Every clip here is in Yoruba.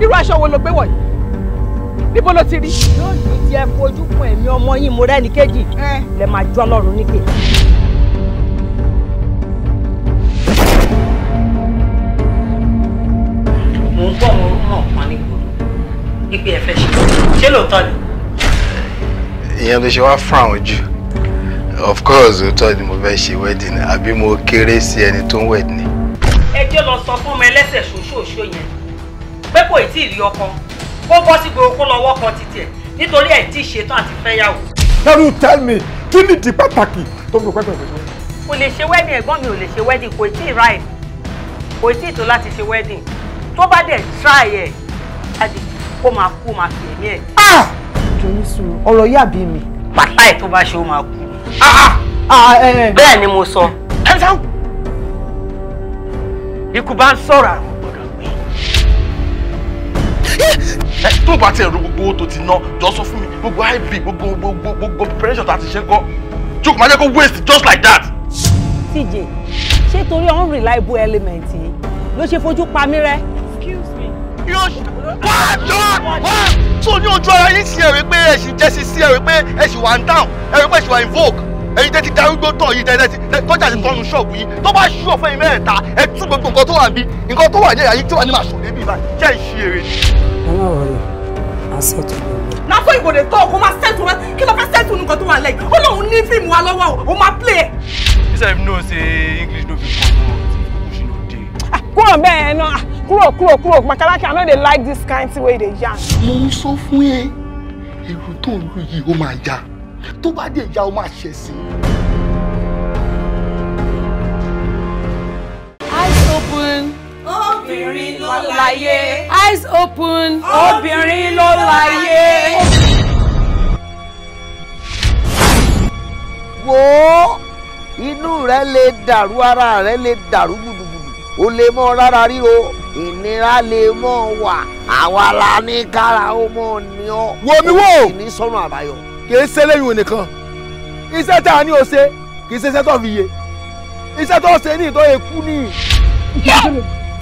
irú aṣọ wo ló gbé wọ̀ yìí níbo ló ti rí. yóò ní tiẹ̀ fojú kun ẹ̀mí ọmọ yín mo rẹ́ni kejì lè máa jọ́ ọlọ́run níkè. mo ń gbọ́ mo rúmọ̀ kan ní ipe ẹ̀fẹ́ ṣe ṣé lóòótọ́ ni. ìyẹn ló ṣe wá fún àwọn jù of course òótọ́ ni mo fẹ́ ṣe wedding àbí mo kéré sí ẹni tó ń wed ni. ẹ jẹ́ lọ sọ fún ọmọ ẹlẹ́sẹ̀ ṣoṣooṣo yẹn pé kò tí ì rí ọkọ kó bọ́ sí gbogbo kó lọ́wọ́ kan títí ẹ̀ nítorí ẹ̀ tí ì ṣetán àti fẹ́yàwó. can you tell me kí ni ìdí pàtàkì tó ń lo pẹ́pẹ́ ìgbésẹ̀. kò lè ṣe wẹ́dìn ẹ̀gbọ́n mi ò lè ṣe wẹ́dìn kò tí ì ráì kò tí ì tó láti ṣe wẹ́dìn tó bá dẹ̀ try ẹ̀ jáde kó máa kú máa fi ẹ̀mí ẹ̀. Ah! jòní sùn ọ̀rọ̀ yà bí mi. pàtà ẹ̀ tó bá ṣe ó máa kú. Ah, ah! Eh, eh. bẹ́ẹ̀ ni mo sọ. ikú bá ń sọ̀rọ̀ àrùn ẹ eh, tó bá tiẹ̀ ro gbogbo tó ti ná jọ sọ fún mi gbogbo ib gbogbo gbogbo gbogbo preparation tá ṣe kọ́ jókòó máa jẹ́ kó waste just like that. TJ ṣé torí unreliable element yìí ló ṣe fojú pa mí rẹ́. excuse me. yóò ṣe wá jọ wá tó ní ojú ara yín sí ẹ̀rí pé ẹ̀sìn jẹ́sí sí ẹ̀rí pé ẹ̀sìn wà ń dáhùn ẹ̀rí pé ẹ̀sìn wà ń vogue ẹ̀yin tẹ́ ti darúgbó tọ̀ yìí tẹ́lẹ̀ ti tọ́jà ti tọ́nu ṣọ́ọ̀bù yìí tó bá ṣú ọ̀fẹ́ yìí mẹ́ẹ̀ta ẹ tún gbogbo nǹkan tó wà bí nǹkan tó wà ní ẹ̀yà yìí tí wà ní màá ṣòdè bí báyìí jẹ́ ìṣe eré. ọ̀rọ̀ rẹ̀ á ṣètò gbogbo. na fún ìbòdè tó kó máa ṣètò rẹ kí ló fẹ́ ṣètò nǹkan tó wà lẹ́yìn ó lóun ní fíìmù wa lọ́wọ́ o máa play ẹ̀. náà ṣe English no fit ah, kúrò bẹ́ẹ̀ náà ah, kúrò kúrò kúrò makalaki I no dey like this kind thing wey you dey yarn. mo ń sọ fún ẹ èrò tó ń lu yìí ó máa ja tó bá dé ìyá o máa ṣẹ̀ sí. eyes open. obìnrin ló láyé. eyes open. obìnrin ló láyé. wo inú rẹ lè dàrú ara rẹ lè dàrú gbùdùgbùdù o lè mọ rárá ríro ìnira lè mọ wà àwa la ní kára ó mọ ní ọ. wo mi wo. ìní sọnù àbáyọ kì í ṣe lẹ́yìn onìkan iṣẹ́ tá a ní o ṣe kì í ṣe iṣẹ́ tó fi yé iṣẹ́ tó ṣe ní ìtọ́ ekú ní.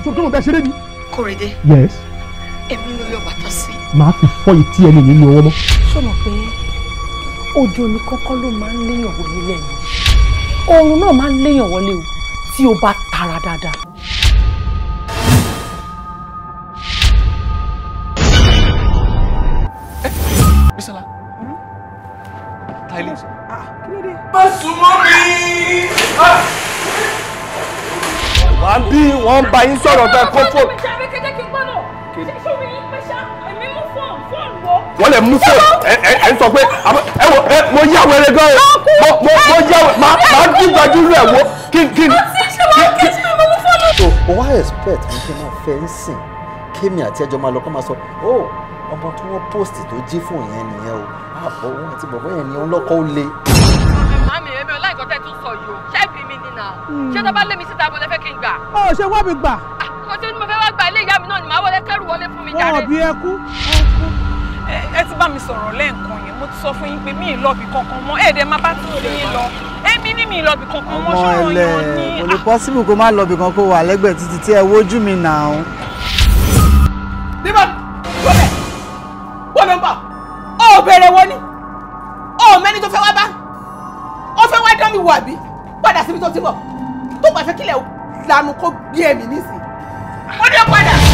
sọkẹ́wọ̀n bẹ́ẹ̀ ṣeré ni. Kòrédé. yes. èmi ló yọ bàtà sí. màá fi fọ ìtí ẹni mi ní ọwọ́ mọ́. sọ̀nà pé ojú omi kọ́kọ́ ló máa ń léyàn wọlé lẹ́nu oorun náà máa ń léyàn wọlé o tí o bá tara dáadáa. ka ilé ìṣe. kí ló dé. má súnmọ́ mi. Ah! wà á bí wọ́n ń yín sọ̀rọ̀ bẹ́ẹ̀ kó fò. wọ́n lè mú fò ẹ ń sọ pé ẹ wò ẹ mo yá wẹrẹ gan o mo mo mo yá wẹrẹ má má rẹ wo kí kí. o wá expect mi kí n máa fẹ́ ń sìn kémi àti ẹjọ́ máa lọ kó máa sọ oh ọmọ tí wọ́n post tó jí fún yẹn nìyẹn o àbọ̀ ah, wọn àti bọ̀bọ̀ yẹn ni ọlọ́kọ̀ ó le. mami èmi ò láìkọ́ tẹ́ tó sọ yìí o ṣẹ́ẹ̀bì mi ni nà hmm. ṣé tó bá lé mi síta mo lè fẹ́ kí n gbà. ọ ṣe wọ́n mi gbà. mo ti ní mo fẹ́ wá gba ilé ìyá mi náà ni màá wọlé kẹ́rù wọlé fún mi jáde. wọn ò bí ẹkú ẹkú. ẹ ti bá mi sọ̀rọ̀ lẹ́ẹ̀kan yẹn mo ti sọ fún yín pé mi ì lọ bì kankan mọ́ ẹ̀ẹ́dẹ̀ máa bá tó sí yín lọ èmi ní mi lọ́bì kankan wọ́n ṣọ́rọ̀ yàn ni. kò lè pọ́sibù kó má lọ́bì kan wà lẹ́gbẹ̀ẹ́ títí tí ẹ wojú mi nà án fóònù nọ́mbà ó bèrè wo ni ó mẹ́ni tó fẹ́ wá bá ó fẹ́ wá dán mi wò àbí padà síbi tó ti bọ̀ tó bá fẹ́ kílẹ̀ lanu kó bí ẹ̀mí nísìn ó ní padà.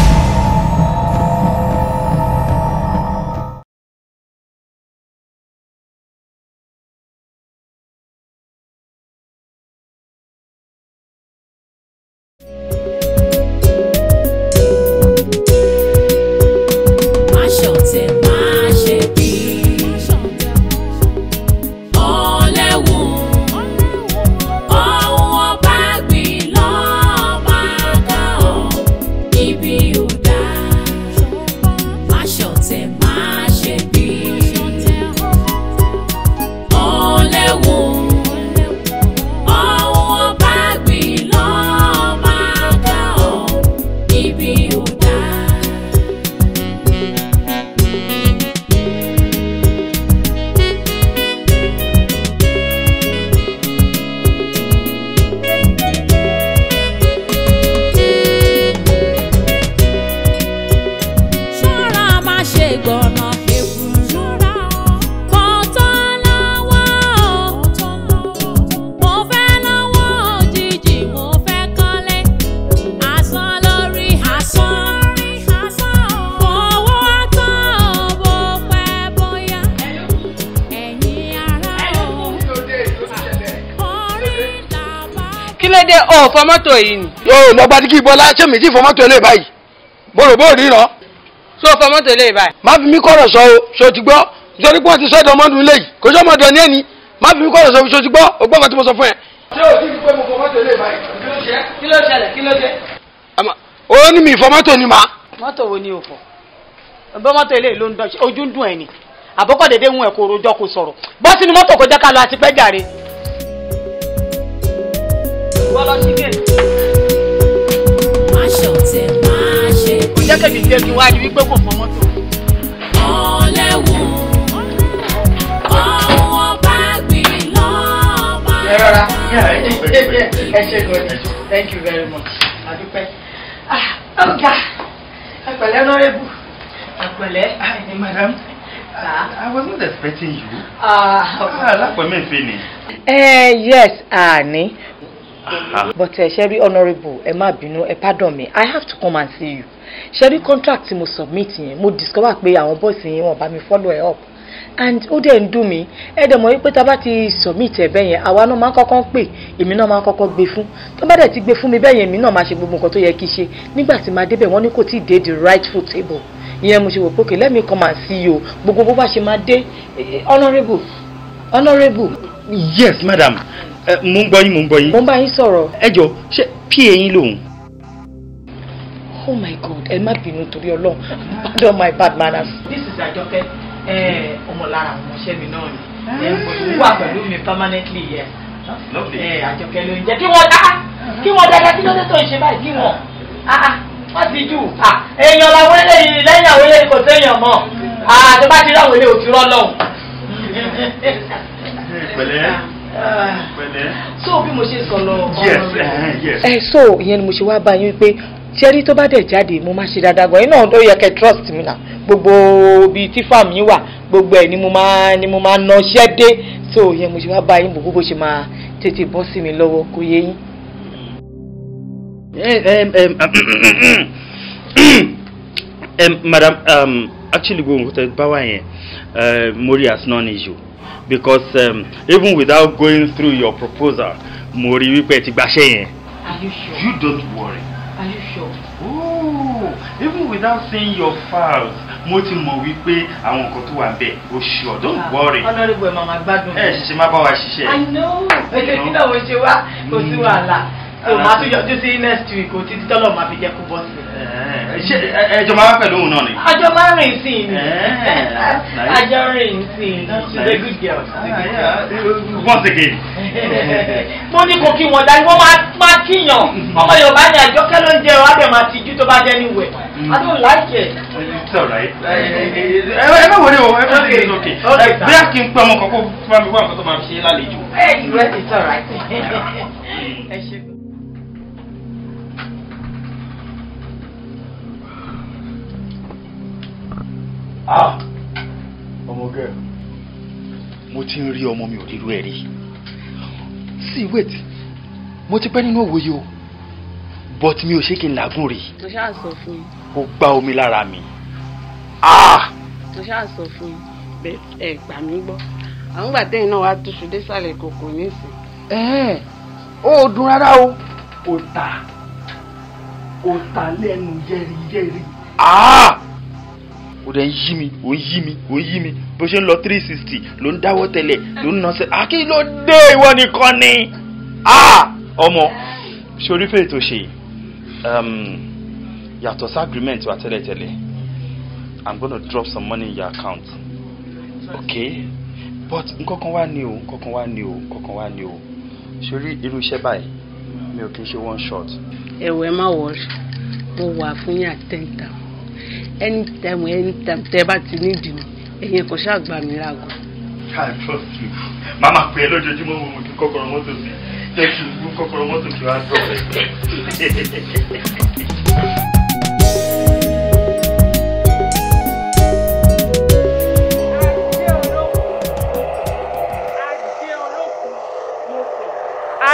o fọ mọ́tò yìí ni. yóò lọ gbadigi bọlá ṣé mi ti fọ mọ́tò ilé báyìí mo rò bó ríran. so fọ mọ́tò ilé báyìí. má fi mi kọ̀rọ̀ sọ o ṣo ti gbọ́ nítorí pé wọ́n ti sọ́dọ̀ ọmọdún ilé yìí kò sọ́ ọmọdún ní ẹni má fi mi kọ̀rọ̀ sọ ṣo ti gbọ́ o gbọ́ nǹkan tí mo sọ fún ẹ. ṣé o ti fi pé mo fọ mọ́tò ilé báyìí kí ló ṣẹlẹ̀ kí ló ṣe. ó ní mi ìfọ mọ́tò ni mà. mọ́tò wo ni o fọ bọ́ mọ́tò ilé ló ń ni àbọ̀kọ̀ dédé ń wọn ẹ̀kọ́ rojọ́ kò sọ̀rọ̀ bọ́ sínú mọ́tò kọjá bọ́lá chicken. má ṣọ̀tẹ̀ má ṣe bí. kò jẹ́ kẹ́mi jẹ́ you very I was not expecting you. Ah, that for me, Fini. Eh, yes, Annie but ẹ eh, ṣe honourable ẹ má bínú ẹ pardon me i have to come and see you Sherry, contract tí mo submit yẹn mo discover pé àwọn bọ́ọ̀sì yẹn wọ́n bá mi follow ẹ up and ó dẹ̀ ń dùn mí ẹ dẹ̀ mọ̀ wípé tá a bá ti submit ẹ̀ bẹ́ẹ̀ yẹn àwa náà máa ń kọ́kọ́ ń pè èmi náà máa ń kọ́kọ́ gbé fún tó bá dẹ̀ ti gbé fún mi bẹ́ẹ̀ yẹn èmi náà máa ṣe gbogbo nǹkan tó yẹ kí ṣe nígbà tí màá débẹ̀ wọ́n ní kò tí dé the rightful table ìyẹn mo ṣe wò pé okay let me come and see you gbogbo bó bá ṣe máa dé eh, honourable honourable. yes madam mo ń gbọ́ yín mo ń gbọ́ yín. mo ń bá yín sọ̀rọ̀. ẹ jọ ṣé pa yín lòun. oh my god ẹ má bínú torí ọlọ́run pardon my bad manners. this is àjọkẹ́ ọmọ lára àwọn ọmọọṣẹ́ mi náà ni ẹ ah. wà pẹ̀lú mi permanently yẹ àjọkẹ́ ló ń jẹ́ kí wọ́n ah, dá kí wọ́n dáadáa kí lọ́sẹ̀ tó ń ṣe báyìí kí wọ́n ah, wọ́n ti jù èèyàn làwọn eléyìí lẹ́yìn àwọn eléyìí kò séèyàn mọ́ àti bá ti rí àwọn eléyìí ò ti rọ́ lọ́hùn. pẹ̀lẹ́ so bí mo sọ̀rọ̀ ẹ eh, eh, eh, ìyẹn ni mo ṣe wá bá yín pé jẹ́rí tó bá dẹ̀ jáde mo gan-an iná yẹ kẹ́ trust mi náà gbogbo bíi gbogbo ni mo máa ni mo máa so yẹn mo ṣe wá bá yín gbogbo ṣe tètè bọ́ lọ́wọ́ yé actually gbogbo nǹkan tẹ bá wà as non issue because um, even without going through your proposal mo rí pay to ti gbaṣẹ́ are you sure. you don't worry. are you sure. Oh, even without seeing your files mo ti we pay àwọn nǹkan tó wà ń bẹ̀ o sure don't ah, worry. ọlọ́rìbù ẹ̀ my bad. ẹ ṣe má bá wa ṣiṣẹ́. i know ètò ìdílé àwọn ṣe wá kò to Allah. Hmm. so ah. màá you yọjú sí next week go títí tọ́lọ̀ máa fi jẹ́ kó bọ́ eh, eh ṣé ẹjọ máa pẹ̀lú òun náà ni. àjọ máa rìn sí i ni àjọ rìn sí i she's a good girl. once again. mo ní kò kí wọn dání wọn máa kíyàn ọmọ yorùbá ni àjọkẹ́ ló ń jẹ ọ abẹ máa tijú tó bá jẹ ní wẹ̀ I don't like it. it's alright. ẹ bá wọlé o ẹ bá wọlé o okay. bí a kì í pẹ́ ọmọ kan kó fún mi wá nǹkan tó máa fi ṣe lálejò. ẹ ìrẹsì it's alright. Ah, ọmọge mo ti ń rí ọmọ mi ò ríru ẹ̀ rí sí wait mo ti pẹ́ nínú òwòye o but mi ò ṣe kí n làágùn rí. mo ṣáà sọ fún yín. ó gbá omi lára mi. Ah! mo ṣáà sọ fún yín bẹ́ẹ̀ ẹ gbà mí gbọ́ àwọn ìgbà tẹ́yìn náà wàá túṣu désàlẹ̀ kòkò nísìn. ẹ̀ẹ́n ó dùn rárá o kò tà kò tà lẹ́nu ó dẹ̀ ń yí mi ó ń yí mi ó ń yí mi bó ṣe ń lọ three sixty ló ń dáwọ́ tẹ́lẹ̀ ló ń nọ́sẹ̀ àkí ló dé ìwọ nìkan ni ọmọ sórí fèrè tó ṣe um, yàtọ̀ sí agreement wa tẹ́lẹ̀tẹ́lẹ̀ i'm gonna drop some money in your account okay but nkankan wá ní o nkankan wá ní o nkankan wá ní o sórí irú iṣẹ́ báyìí mi ò kí n ṣe one shot. ẹ̀wẹ̀ má wọ̀ ọ́ mo wà fún yà ten thousand anytime anytime tẹ́ bá ti ní ìdì mi kò ṣáà gbà mí láago. I trust you Mama, pé lójoojúmọ́ wo kí kọ́kọ́rọ́ mọ́tò sí jẹ́ kí n gún kọ́kọ́rọ́ mọ́tò kí wàá dọ̀ ẹ́.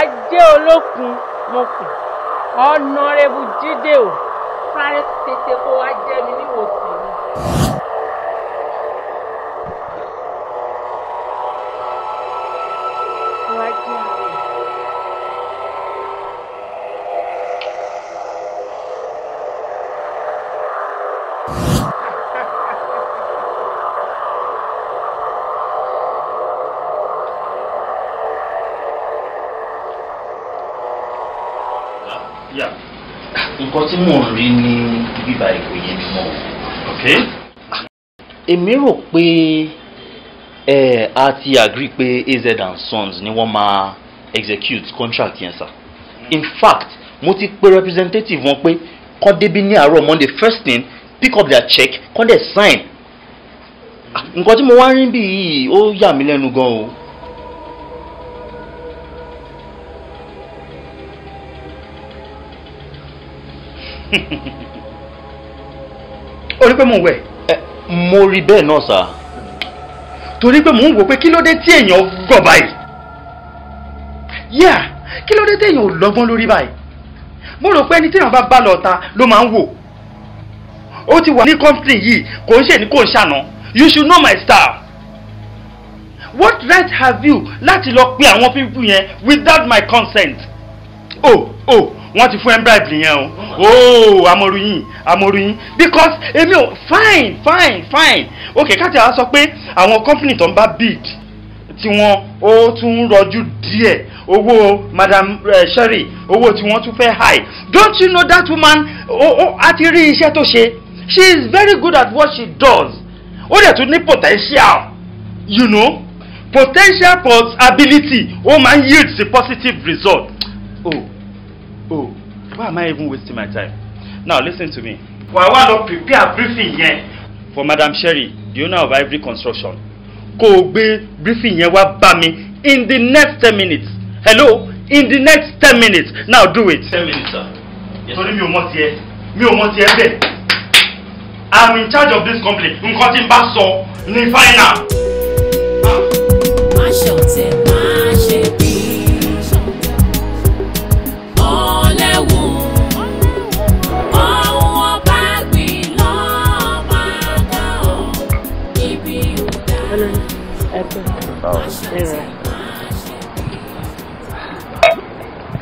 ajé olókun mo kù ọ̀nàrẹ́bù jíde o sáré tètè kó wá nǹkan tí mò ń rí ní ibi báyìí kò yé mi mọ́ o. èmi rò pé ẹ a ti agree pé AZ and Sons ni wọ́n máa execute contract yẹn sir in fact mo ti pe representative wọn pé kọ́ débi ní àárọ̀ Monday first thing pick up their check kọ́ dẹ̀ sign ah, nǹkan tí mo wá rí bí yìí ó yà mí lẹ́nu gan o. orí pé mò ń wẹ̀. mo rí bẹ́ẹ̀ náà sà. torí pé mò ń wò pé kí ló dé tí èèyàn gọ̀ báyìí. yíyà kí ló dé tí èèyàn ò lọ́gbọ́n lórí báyìí. mo rò pé ẹni tí èèyàn bá bá lọ ta ló máa ń wò. ó ti wà ní company yìí kò ń ṣe ní kò ń ṣàná you should know my style. what right have you láti lọ pe àwọn pípú yẹn without my consent. oh o wọ́n ti fún ẹ bribe yẹn o o oh, amọ̀ròyìn amọ̀ròyìn because Emi, ò fine fine fine ok káàtì àá sọ pé àwọn company tó ń bá bid tí wọ́n ó tún rọjú díẹ̀ owó madam uh, sherry owó tí wọ́n tún fẹ́ high don't you know that woman a ti rí iṣẹ́ tó ṣe she is very good at what she does ó dẹ̀ tún ní potential you know potential plus ability ó máa ń yield sí positive result. Oh. Oh, why am I even wasting my time? Now listen to me. Wàá wá lọ prepare briefing yẹn. For Madam Sherry, the owner of Ivory Construction. Kó o briefing yẹn wá bá mi in the next ten minutes. Hello? In the next ten minutes. Now do it. Ten minutes, sir. Torí mi me mọ̀ tiẹ̀, mi ò mọ̀ tiẹ̀ bẹ́ẹ̀. I'm in charge of this company. Nǹkan cutting back so. sọ ní final. Má ah. ṣe ọ̀tẹ̀ máa. You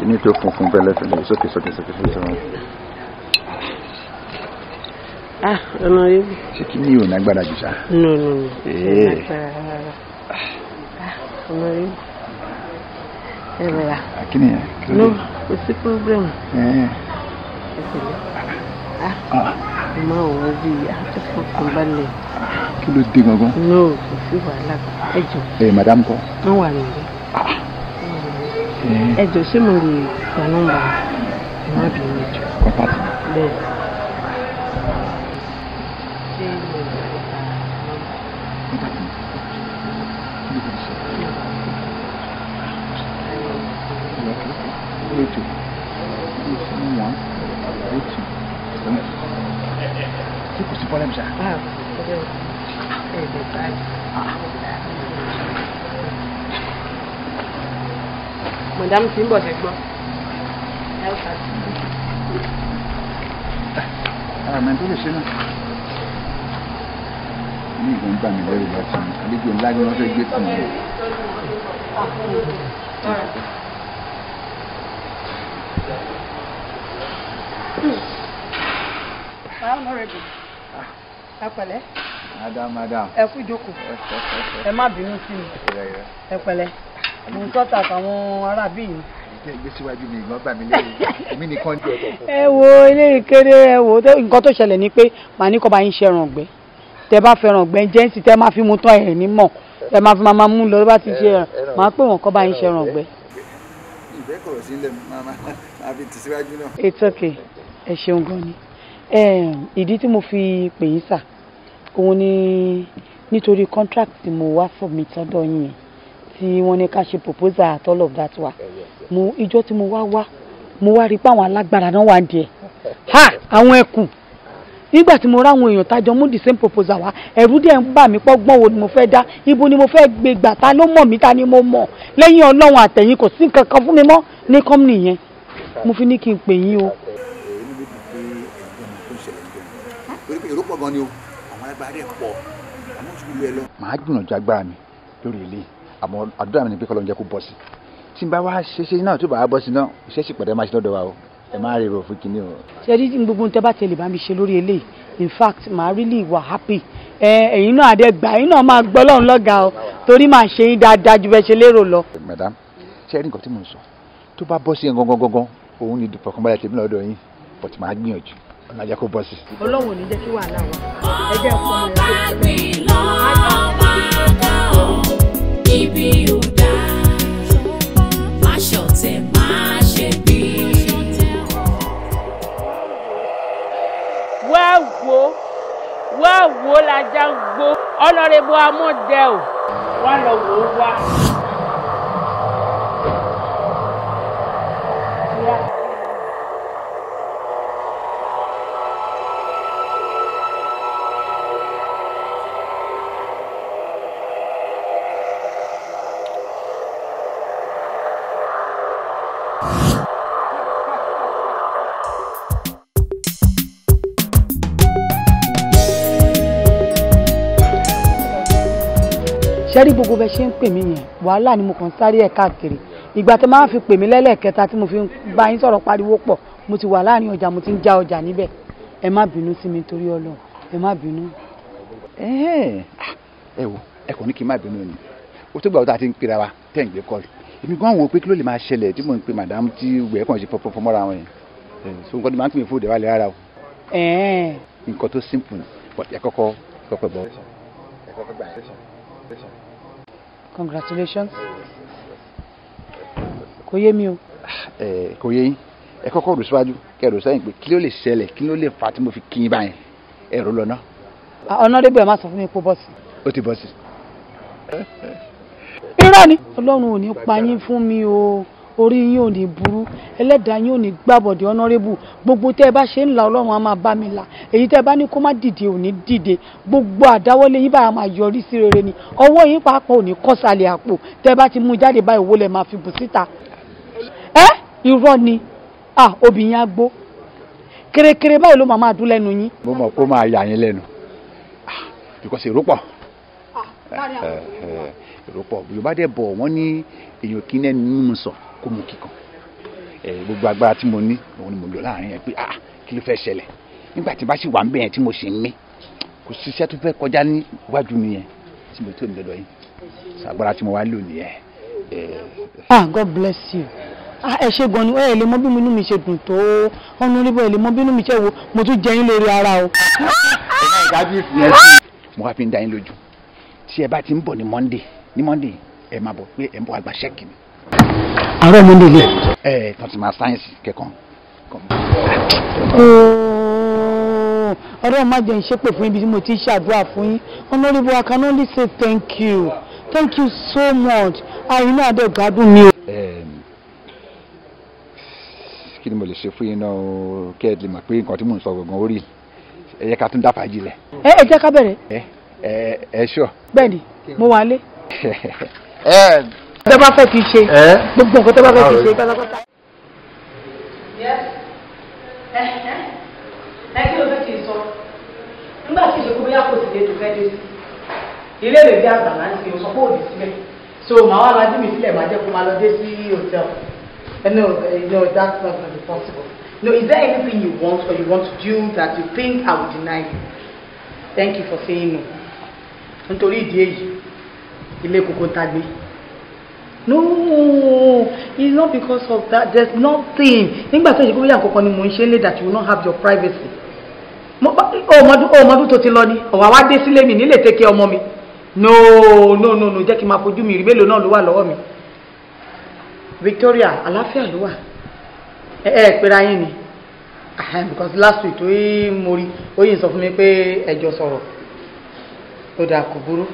need to open the left and it's okay, it's okay, it's okay. It's okay. Ah, ọ̀nà yìí. Ṣé kí ni ìwé nágbára jù sá? No, no, no. Ee. Eh. Ah, ọ̀nà yìí. Ẹ bẹ̀rẹ̀. Akínni ah, yẹn. No, kò sí problem. Eh. Ẹ. Ẹ sọ̀rọ̀. Ah. ah má wọ bí akẹ́kọ̀ọ́ balẹ̀. kí ló dé gangan. no kò sí wàhálà ẹ jọ. ẹ eh, madam kọ. wọn wà nílé. Ah. ẹ jọ ṣé mo lè gba nọ́mbà ẹ má bí mi jù. kọ́ńtàtì. bẹ́ẹ̀. Thank you. polemica. Ah, e dettagli. Ah. Madame Simbo avec moi. Ah, mais tout le ní ìgbà ń bà mí lẹ́rù bá ti àlejò ńlá ni wọ́n fẹ́ gbé fún mi. Well, honorable. ẹ pẹ̀lẹ́. madam madam. ẹ kú ìjókòó. ẹ má bínú sí mi. ẹ pẹ̀lẹ́. mo ń sọ́tà àtàwọn aráàbí yìí. ìjẹ́ ìgbésíwájú mi ìgbọ́n bà mí lẹ́yìn èmi nìkan ń jẹ́ ọ̀tọ̀. ẹ wo ilé ìkéré ẹ wo nǹkan tó ṣẹlẹ̀ ni pé màá ní kọ́ bá yín ṣẹ̀ràn ọ̀gbẹ́ tẹ bá fẹ́ràn ọ̀gbẹ́ jẹ́ ń sì tẹ́ máa fi mu tán ẹ̀ ní mọ̀ ẹ máa fi máa mú lọ bá ti ṣe ẹ̀ràn màá pè wọ́n kọ́ bá yín ṣẹ̀ràn ọ̀gbẹ́. ìbẹ́kọ̀rọ̀ sílẹ̀ máa fi tẹ̀síwájú náà. it's okay ẹ ṣeun gan ni ìdí tí mo fi pè yín sà òun ni nítorí contract tí mo wá submit sọ́dọ̀ yín yẹn tí wọ́n ní ká ṣe proposal at all of that wa mo ìjọ́ tí mo wá wá mo wá rí i pé àwọn alágbára náà wà díẹ̀ ha àwọn ẹkùn nígbà tí mo ráwọn èèyàn tájọ mú the same proposal wá ẹ̀rù díẹ̀ ń bà mí pọ́gbọ́n wo ni mo fẹ́ dá ibo ni mo fẹ́ gbé gbà ta ló mọ̀ mí ta ni mo mọ̀ lẹ́yìn ọlọ́run àtẹ̀yìn kò sí nǹkan kan fún mi mọ́ ní kọ́mìnì yẹn mo fi ní kí n pè yín o. pọ̀ gan ni o àwọn alágbára rẹ̀ pọ̀ àmọ́ oṣù gbogbo ẹ lọ. màá gbìyànjú agbára mi lórí ilé àmọ́ àdúrà mi ni pé kọ́lọ́n jẹ́ kó bọ́ sí tí n bá wá ṣeṣe náà tó bá bọ́ sí náà iṣẹ́ sì pẹ̀lẹ́ máa ṣe lọ́dọ̀ wa o ẹ má rèrò fún kinní o. ṣe rí gbogbo tẹ́ bá tẹ̀lé bá mi ṣe lórí eléyìí in fact màá really wà happy ẹ ẹ̀yin náà àdẹ gbà ẹ̀yin náà máa gbọ́ lọ́run lọ́gàá o torí màá ṣe yín dáadáa ju bẹ́ẹ̀ ṣe lérò lọ. madam ṣe rí nǹkan tí mo ń sọ tó bá bọ́ sí ẹ̀ gangan gangan òun ni dùpọ̀ kan bá yà tèmi lọ́dọ̀ yín but màá gbìyànjú ọ̀nà jẹ́ kó bọ́ sí. ọlọ́run ò ní jẹ́ kí wàhálà wà ẹ jẹ́ kó mọ̀ ẹ́ kó tẹ̀lé. ibi ò má ṣọ̀tẹ̀ má ṣe bí. wá wo wá wo lajá gbó ọlọ́rẹ́bù amúdẹ ò wá lọ wò ó wá. ṣẹ́rí gbogbo bẹ́ẹ̀ ṣe ń pè mí yẹn wàhálà ni mo kàn sáré ẹ̀ káàkiri ìgbà tó máa ń fi pè mí lẹ́lẹ́kẹta tí mo fi ń bá yín sọ̀rọ̀ pariwo pọ̀ mo ti wà láàrin ọjà mo ti ń já ọjà níbẹ̀ ẹ má bínú sí mi torí Ọlọ́run ẹ má bínú. Ah, ẹ wo ẹ kò ní kí n má bínú ni o tó gbà wọ́n tá a ti ń pera wa tẹ́ ń gbé kọ́ọ̀lù èmi gan àwọn pé kí ló lè máa ṣẹlẹ̀ tí mò ń pe madam tí wẹ̀ kàn ṣe fọfọfọ mọ́ra wọn yẹn so nǹkan tó máa ń pè mí fún òde wa lè rárá o. nǹkan tó simple but ẹ kọ́kọ́ kọ́kọ́ bọ́. ẹ kọ́kọ́ gbà ẹ sàn ẹ sàn congratulations kò yé mi o. ẹ eh, kò yé yín ẹ kọ́kọ́ rò síwájú kẹ rò sẹ́yìn pé kí ló lè ṣẹlẹ̀ kí ló lè fa tí mo fi kí yín báyẹn ẹ rò lọ́nà. ọ̀nàdébò ẹ̀ máa sọ fún mi kó bọ́ọ̀sì. ó ti bọ́ọ̀sì. irọ́ ni ọlọ́run ò ní pa yín fún mi o orí yín ò ní burú ẹlẹ́dàá yín ò ní gbàbọ̀dẹ̀ ọ̀nàrẹ́bù gbogbo tẹ́ ẹ bá ṣe ń la ọlọ́run á máa bá mi là èyí tẹ́ ẹ bá ní kó má dìde ò ní dìde gbogbo àdáwọ́lé yín báyà máa yọrí sí rere ni ọwọ́ yín pàápàá ò ní kọ́sàlẹ̀ àpò tẹ́ ẹ bá ti mú jáde báyìí owó lẹ̀ máa fi bù síta ẹ́ irọ́ ni ah obìnrin á gbó kèrèkèrè báyìí ló máa máa dún lẹ́nu yín. mo mọ̀ kó máa yà yín lẹ́nu because èrò pọ̀ èrò pọ̀ dẹ̀ bọ̀ wọ́n ní èèyàn kí nẹ́nu sọ kó mu kíkan gbogbo agbára tí mo ní òun ni mo lò láàrin yẹn pé ah kí ló fẹ́ ṣẹlẹ̀ nígbà tí bá sì wà ń bẹ̀ yẹn tí mo sì ń mí kò sí tó fẹ́ kọjá ní iwájú mi yẹn tí mo tó ní lọ́dọ̀ yìí agbára tí mo wá lò nìyẹn. ah God bless you ah ẹ ṣe gan ni ẹ lè mọ bí inú mi ṣe dùn tó ọ̀nà orí bọ̀ ẹ lè mọ bí inú mi ṣe wò mo tún jẹ yín lórí ara o. mo wá fi ń dá yín lójú tí ẹ bá ti ń bọ̀ ní Monday ní Monday ẹ máa bọ̀ pé ẹ ń bọ̀ àgbà ṣẹ́ẹ̀kì mi àárọ̀ mi nílé. ẹ ẹ tọ́tí máa sáyẹ́nsì kẹ́kọ̀ọ́. ọ̀rọ̀ má jẹ́ ìṣépè fún ibi tí mo ti ṣàdúrà fún yín honourable I can only say thank you thank you so much àyínú àdọ̀gádùn mi o. kí ni mo lè ṣe fún yín náà kẹ́ ẹ lè mọ̀ pé nǹkan tí mò ń sọ gangan ó rí ẹ yẹ ká tún dá fàájì lẹ̀. ẹ ẹ jẹ́ ká bẹ̀rẹ̀. ẹ ẹ ẹ ṣọ. bẹ́ẹ̀ni mo wà á lé. tẹ́ bá fẹ́ fi ṣe gbogbo nǹkan tẹ́ bá fẹ́ fi ṣe pátápátá. ẹ kí ló fẹ́ kí n sọ nígbà tí ìṣèkú bóyá kò sì lè tó fẹ́ dé sí ilé rẹ̀ bí àgbà náà ń ṣe sọ pé òdì sílẹ̀ so màá wá lajú mi sílẹ̀ màá jẹ́ kó máa lọ dé sí hotel no no that's not gonna be possible no is there anything you want or you want to do that you think I will deny you thank you for saying no nítorí ìdí èyí ilé kókó tá a no it's not because of that there's nothing nígbà tó yẹ kó yà kankan ni mò ń ṣe lé that you no have your privacy ọmọdún oh, ọmọdún oh, tó ti lọ ni ọ̀wá wá dé sílé mi nílé tẹ́kẹ́ ọmọ mi no no no no jẹ́ kí n máa fojú mi rí mélòó náà ló wà lọ́wọ́ mi Victoria àlàáfíà ló wà ẹ ẹ pera yín ni because last week tó yín mo rí oyin sọ fún mi pé ẹjọ sọ̀rọ̀ ó dà kò burú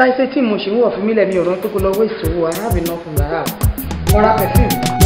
láìsí tí mo ṣe ń wọ̀ fún mílẹ̀ mi ò rántí kó lọ wé ìṣòwò I have enough in the house mo ra perfume.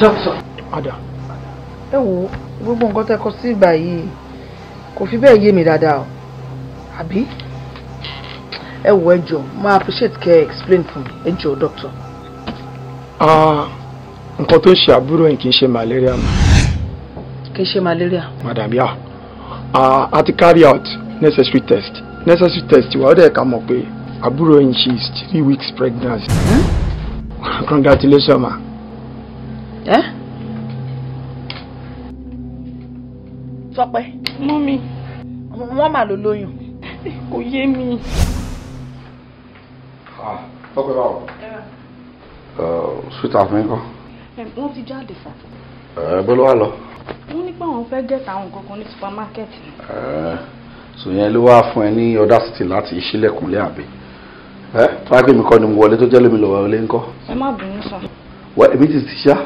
doctor. ọ̀dọ̀ ẹ wo gbogbo nǹkan tẹ́ kọ sí ìgbà yìí kò fi bẹ́ẹ̀ yé mi dáadáa o àbí ẹ wo ẹ jọ̀ọ́ máa appreciate kẹ́ explain fún mi ẹ doctor. nǹkan tó ń ṣe àbúrò yìí kì í ṣe malaria mọ́. kì í ṣe malaria. madam ya a ti carry out necessary test necessary test wa ó dẹ̀ ká mọ̀ pé àbúrò yìí she is three weeks pregnant. Hmm? congratulations ma ẹ́. Tọ́pẹ́. mọ́mì. wọ́n mà ló lóyún. me ah eh, mi. Tọ́pẹ́ báwo. sweet half mi kọ́. wọ́n ti jáde sá. ẹ eh, bó ló wà lọ. wọ́n ní pé àwọn fẹ́ gẹ̀ẹ́tà àwọn kankan ní supamákẹ́ẹ̀tì. Eh, sòyẹn ló wá fún ẹ ní ọ̀dà city láti ṣílẹ̀kùnlé àbí ẹ tó wá pé mi kọ́ ni mo wọlé tó jẹ́ lómi lọ́wọ́ ilé ńkọ́. ẹ má bínú sọ. wọ èmi ti ti ṣá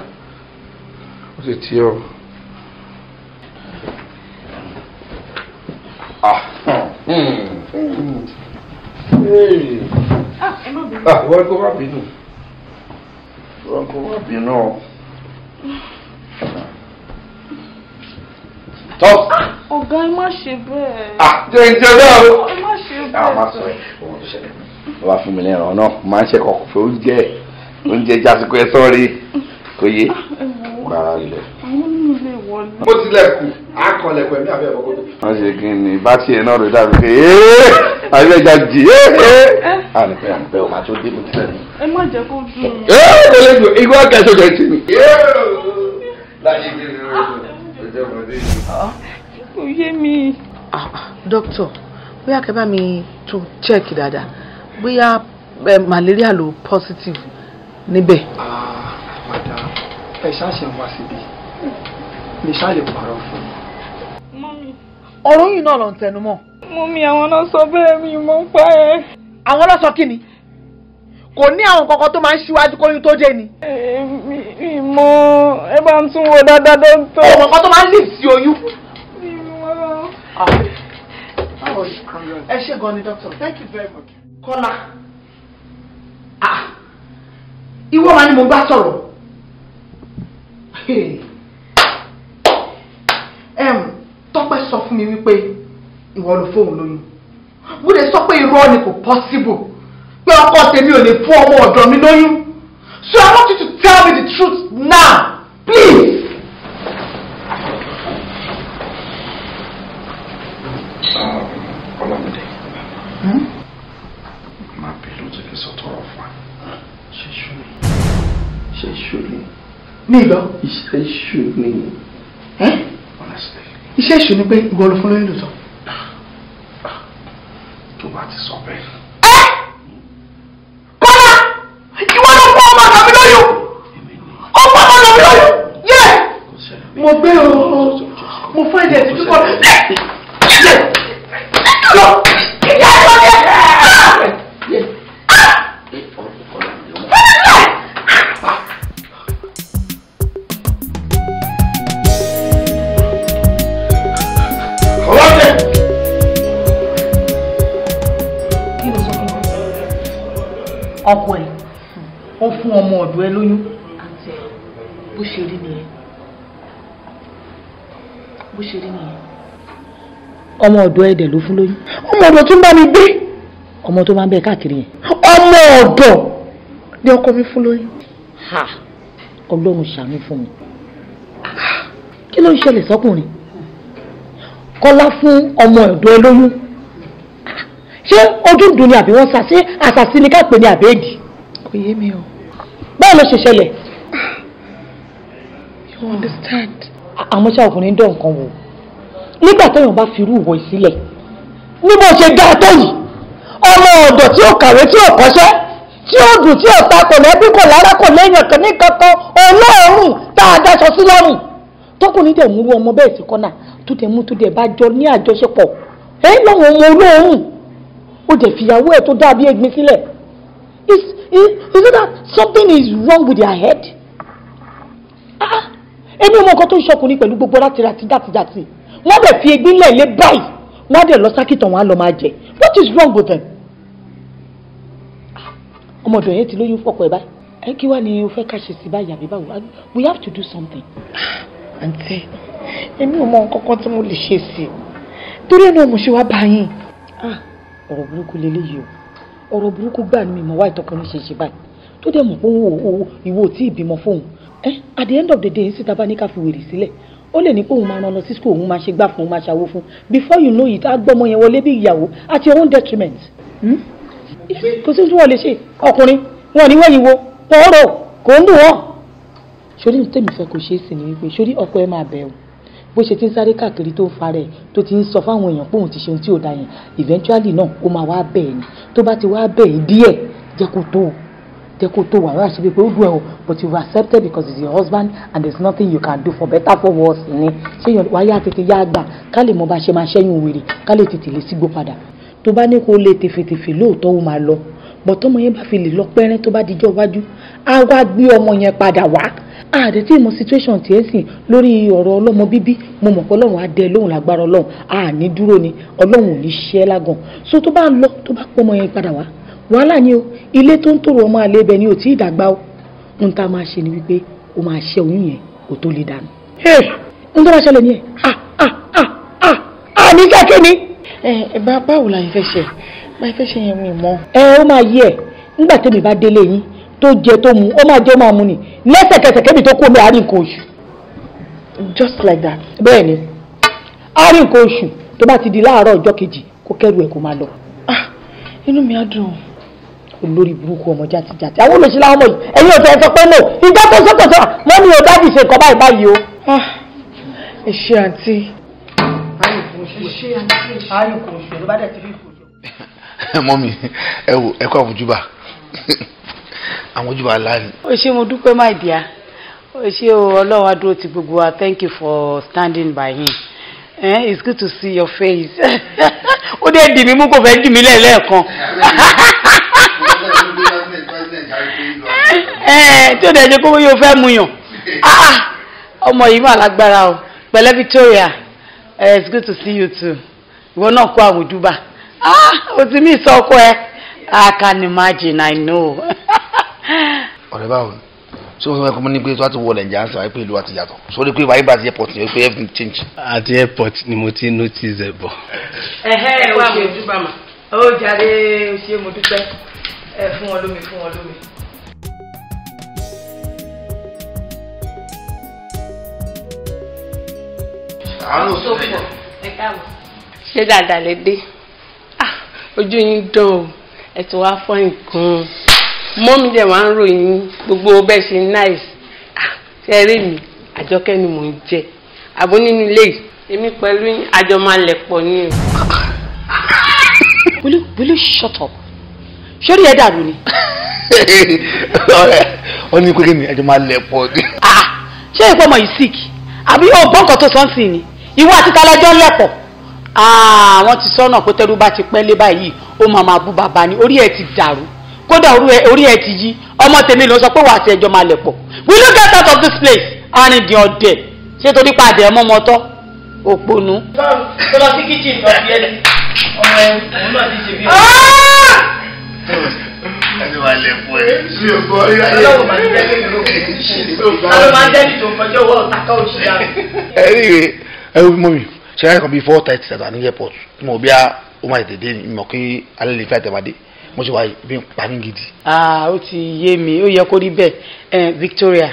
sì tí ọ. wọ́n kó má bínú wọ́n kó má bínú ọ. tọ́. Ah, ọ̀gá ẹ má ṣe bẹ́ẹ̀. ah jẹ́ bẹ́ẹ̀ o. ẹ má ṣe bẹ́ẹ̀. àwọn ah, máa sọ ẹ̀ ohun tó ṣẹlẹ̀ wọ́n bá fún mi ní ìrànwọ́ náà máa ń ṣe kọ̀ọ̀kan fún oúnjẹ oúnjẹ jásìkò ẹ̀ sọ́ọ́rí. Ah, tó yé gbàrà lẹ̀. ó tilẹ̀ pẹ̀lú àbẹ̀ ọkọ̀ tó. wọ́n ṣe kí ni bá tiẹ̀ náà rẹ̀ dàbí pé ee àbẹ̀jà jì ee ànípẹ́ ànípẹ́ ò máa tó dé bùtù sẹ́ni. ẹ má jẹ́ kó dùn. ee kò lè dùn igbó kẹsàn-án jẹ ti mi. láyé kí ni o ah. jẹ́ ọmọdé yìí. kò yé mi. Ah, dókítà bóyá kẹ́ bá mi tún chẹ́ẹ̀kì dáadáa bóyá malaria ló positive níbẹ̀ ẹ ṣáṣe wá síbi mi ṣáà lè pààrọ̀ fún un. ọ̀rọ̀ yìí náà ló ń tẹnu mọ́. mú mi àwọn náà sọ bẹ́ẹ̀ mi mọ́ pa ẹ́. àwọn ló sọ kí ni kò ní àwọn kankan tó máa ń ṣíwájú kóyún tó dé ni. ìmọ̀ ẹ bá ń tún wo dáadáa ló ń tọ́. ọ̀pọ̀ kan tó máa ń lè sí oyún. Ah. ẹ ṣe gan ni doctor thank you kọ́lá ah. ìwọ wa ni mo bá sọ̀rọ̀ tọ́pẹ́ sọ fún mi wípé ìwọ ló fóun lóyún mo lè sọ pé irọ́ ni kò possible pé ọkọ tèmi ò lè fún ọmọ ọ̀dọ̀ mi lóyún so I want you to tell me the truth now please. ní ìgbà. iṣẹ́ ìṣù ni. iṣẹ́ ìṣù ni pé ìwọ ló fún lóyún lòtọ́. tó bá ti sọ bẹ́ẹ̀. ẹ kọ́lá ìwọ ló fún ọmọ àgbà mi lóyún ọmọ àgbà mi lóyún yẹ mo gbé o mo fún ẹ̀jẹ̀ tuntun kọ́. ọmọ ọ̀dọ̀ ẹ̀dẹ̀ ló fún lóyún ọmọ ọ̀dọ̀ tó ń bá mi gbé ọmọ tó máa ń bẹ káàkiri yẹn ọmọ ọ̀dọ̀ ni ọkọ mi fún lóyún ọlọ́run ṣàánú fún mi kí ló ń ṣẹlẹ̀ sọ́kùnrin kọ́lá fún ọmọ ọ̀dọ̀ ẹ lóyún ṣé ojú ń dùn ni àbí wọ́n sá ṣé àṣàṣì ni ká pè àbẹ́ẹ̀dì kò yé mi o báwo ló ṣe ṣẹlẹ̀ you understand àmọ́ ṣá ọkùnrin dán nǹkan wò nígbà téèyàn bá firú ìwọ ìsílẹ̀ ní bó ṣe dá tó yìí ọmọ ọ̀dọ̀ tí ó kàwé tí ó kọ́ṣẹ́ tí ó dùn tí ó ta kò lẹ́bí kò lára kò lẹ́yìn kan ní kankan ọlọ́run tá a daṣọ sí lọ́rùn tọkùnrin dẹ̀ múrú ọmọ bẹ́ẹ̀ sí kọ́nà tó dẹ̀ mú tó dẹ̀ bá jọ ní àjọṣepọ̀ ẹ lọ́wọ́ ọmọ olóòórùn ó dẹ̀ fìyàwó ẹ̀ tó dàbí ẹ̀gbin sílẹ̀ is is is it that something is wrong with their head? ah, ah. èmi ò mọ nǹkan tó ń ṣọkùnrin pẹ̀lú gbogbo látìrátì dátìdátì wọ́n dẹ̀ fi egbin lẹ́ẹ̀lẹ́ báyìí wọ́n á dẹ̀ lọ sákìtàn wọn á lọ máa jẹ what is wrong with them. ọmọdé yẹn ti lóyún fọkọ ẹ báyìí ẹ kí wàá ní o fẹ́ ká ṣe sí báyìí àbí báwo we have to do something. àǹtí èmi ò mọ nǹkan kan tí mo lè ṣe sí i torí ẹ̀ náà mo ṣe wá báyìí. Ah, ọ̀rọ̀ burúkú leléyìí o ọ̀rọ̀ burúkú gbà ní mi mọ̀ wá ìtọkùnrin ṣe ṣe báyìí tó dẹ̀ mọ̀ pé ìwọ ò tí ì bímọ fóun at the end of the day ń sì tábà ní ká fi wèrè sílẹ̀ ó lè ní pé òun máa ran lọ sí school òun máa ṣe gbà fún òun máa ṣàwó fún before you know it á gbọ́mọ yẹn wọlé bí ìyàwó at your own detriment hmm? kò sí tí wọ́n lè ṣe ọkùnrin wọn ní wẹ̀yìn wo pọ̀ọ́rọ̀ kò ń dùn wọ́n. sori ní tèmi fẹ́ kò ṣeé sì ní wípé sori ọkọ ẹ máa bẹ̀ o bó ṣe ti ń sáré káàkiri tó ń farẹ̀ tó ti ń sọ fáwọn èèyàn pé òun ti ṣe ohun tí ò da yẹn eventually náà ó máa wá bẹ̀ ẹ́ ni tó bá ti wá bẹ̀ díẹ̀ jẹ́ kó tó o jẹ́ kó tó wàhálà ṣe pé ó dùn o but you accepted because it's your husband and there's nothing you can do for better for worse ni ṣé wáyà tètè yá gbà ká lè mọ bá ṣe máa ṣẹ́yìn wèrè ká lè tètè lè sígbó padà tó bá ní kó lè tèfètèfè lóòótọ́ ó máa lọ bọ̀ tọ́mọ yẹn bá fi lè lọ pẹ́rẹ́ tó bá dijọ́ wájú á wá gbé ọmọ yẹn padà wá àdé tí mo situation tiẹ̀ sìn lórí ọ̀rọ̀ ọlọ́mọ bíbí mo mọ̀ pé ọlọ́run á dẹ lóhùn lágbára ọlọ́run á ní dúró ni ọlọ́run ò ní ṣiṣẹ́ lágàn so tó bá ń lọ tó bá pọ́mọ yẹn padà wá wàhálà ni o ilé tó ń tòrò ọmọ àlè ibẹ̀ ni ò tí ì dàgbà o n ta máa ṣe ni wípé o máa ṣe oyún yẹn kò tó lè dànù. n tó bá ṣẹlẹ̀ ni ẹ̀ ah ah ah ah ah ní kẹ́kẹ́ ni. ẹ ẹ bá báwo la ìfẹ́ ṣe bá ìfẹ́ ṣe yẹn mi mọ́. ẹ ó máa yí ẹ nígbà tèmi bá délé yín tó jẹ tó mu ó máa jẹ ó máa mu nì lẹ́sẹ̀kẹsẹ̀ kébì tó kó mi àárín nǹkan oṣù. just like that. bẹ́ẹ̀ ni àárín nǹkan oṣù tó bá ti di láàárọ̀ ọjọ́ kejì kó kẹ́rù ẹ̀ kó máa lọ. ah inú mi á dùn olórí burúkú ọmọ jáde jáde àwọn olùsílá ọmọ yìí ẹ̀yin ọ̀tọ̀ ẹ̀sọ́ pé no ìgbà tó sọ́kọ̀ sọ́kọ̀ mọ́ mi ò dájú ṣe nǹkan báyìí báyìí o. Ah, ẹ ṣe àǹtí. mọ́mí ẹ wò ẹ kọ́ àwọn ojúbà àwọn ojúbà láàyè. o ṣé mo dúpẹ́ my dear o ṣé o ọlọ́run á dúró ti gbogbo wa thank you for standing by him eh, it's good to see your face ó dé dì mí mú kò fẹ́ jù mí lẹ́ẹ̀lẹ́ẹ̀kan. Eh, tí ó dẹ̀ ṣe kówó yóò fẹ́ mu yàn ah, ah, ọmọ yìí mà lágbára o pẹ̀lẹ́ Victoria eh, it's good to see you too ìwọ náà kó àwọn òdúbà ah, o ti mí sọ ọkọ ẹ I can imagine I know. ọ̀rẹ́ báwo ni tí wọ́n sọ fún mi ní pé tí wọ́n ti wọ nàìjíríà sọ pé ìlú àti yàtọ̀ sórí pé wàyí bá ti airport yẹn pé everything change. àti airport ni mo ti notice ẹ bọ. ẹhẹ ẹ wá mi ojú bàmà ó jáde ṣé mo dúpẹ́ ẹ fún wọn lómi fún wọn lómi. àárò tó pọ̀ ẹ káàbọ̀. ṣé dáadáa lè dé ah, ojú yín dán o ẹ ti wá fọ́ nǹkan mọ́mí dẹ̀ wá ń ròyìn gbogbo bẹ́ẹ̀ ṣe nice ah, ṣe eré mi àjọkẹ́ ni mò ń jẹ àbó nínú ilé yìí èmi pẹ̀lú àjọ máa lẹ̀ pọ̀ ní ẹ̀. will you will you shut up sórí ẹ̀ dàrú ni. ọ ní pé kí ni àjọ máa lẹ̀ pọ̀ ní. Ah, ṣé ìpọ́nmọ̀ yìí sick àbí yóò bọ́ nǹkan tó sọ́ǹsì ni ìwọ àti talẹ́jọ́ lẹ̀pọ̀ àwọn ah, ti sọ́nà pé tẹ́rú bá ti pẹ́ lé báyìí ó máa máa bú bàbá ni orí ẹ̀ ti dàrú kódà orí ẹ̀ ti yí ọmọ tèmi ló sọ pé wàá ti ẹjọ́ máa lẹ̀pọ̀ we no get out of this place arìndìn ọ̀dẹ̀ ṣé torí pàdé ẹ̀mọ́ ọmọ tọ́ òpònú. tó lọ sí kíchìn lọ bí ẹni ọmọ ẹ òun ti ṣe bí ah! ẹ ẹni wà lè fún ẹ. ṣé o gbọ́ rí ayé ọlọ́run máa ń jẹ́ nínú ọ̀gbìn. ọlọ́run máa ń jẹ́ nínú ọ̀gbìn ọjọ́ wọ́n ọ̀tàkọ́ òṣìṣẹ́. ẹ rí i ẹ wo bí mọ́mì ṣe láyé kan bíi four thirty ṣàtọ̀ àní airport mo bí a ó máa tètè dé ni mo kí alẹ́ lè fẹ́ àtẹ̀wádé mo ṣe gidi. ah ó ti yé mi ó yẹ kó rí bẹ́ẹ̀ Victoria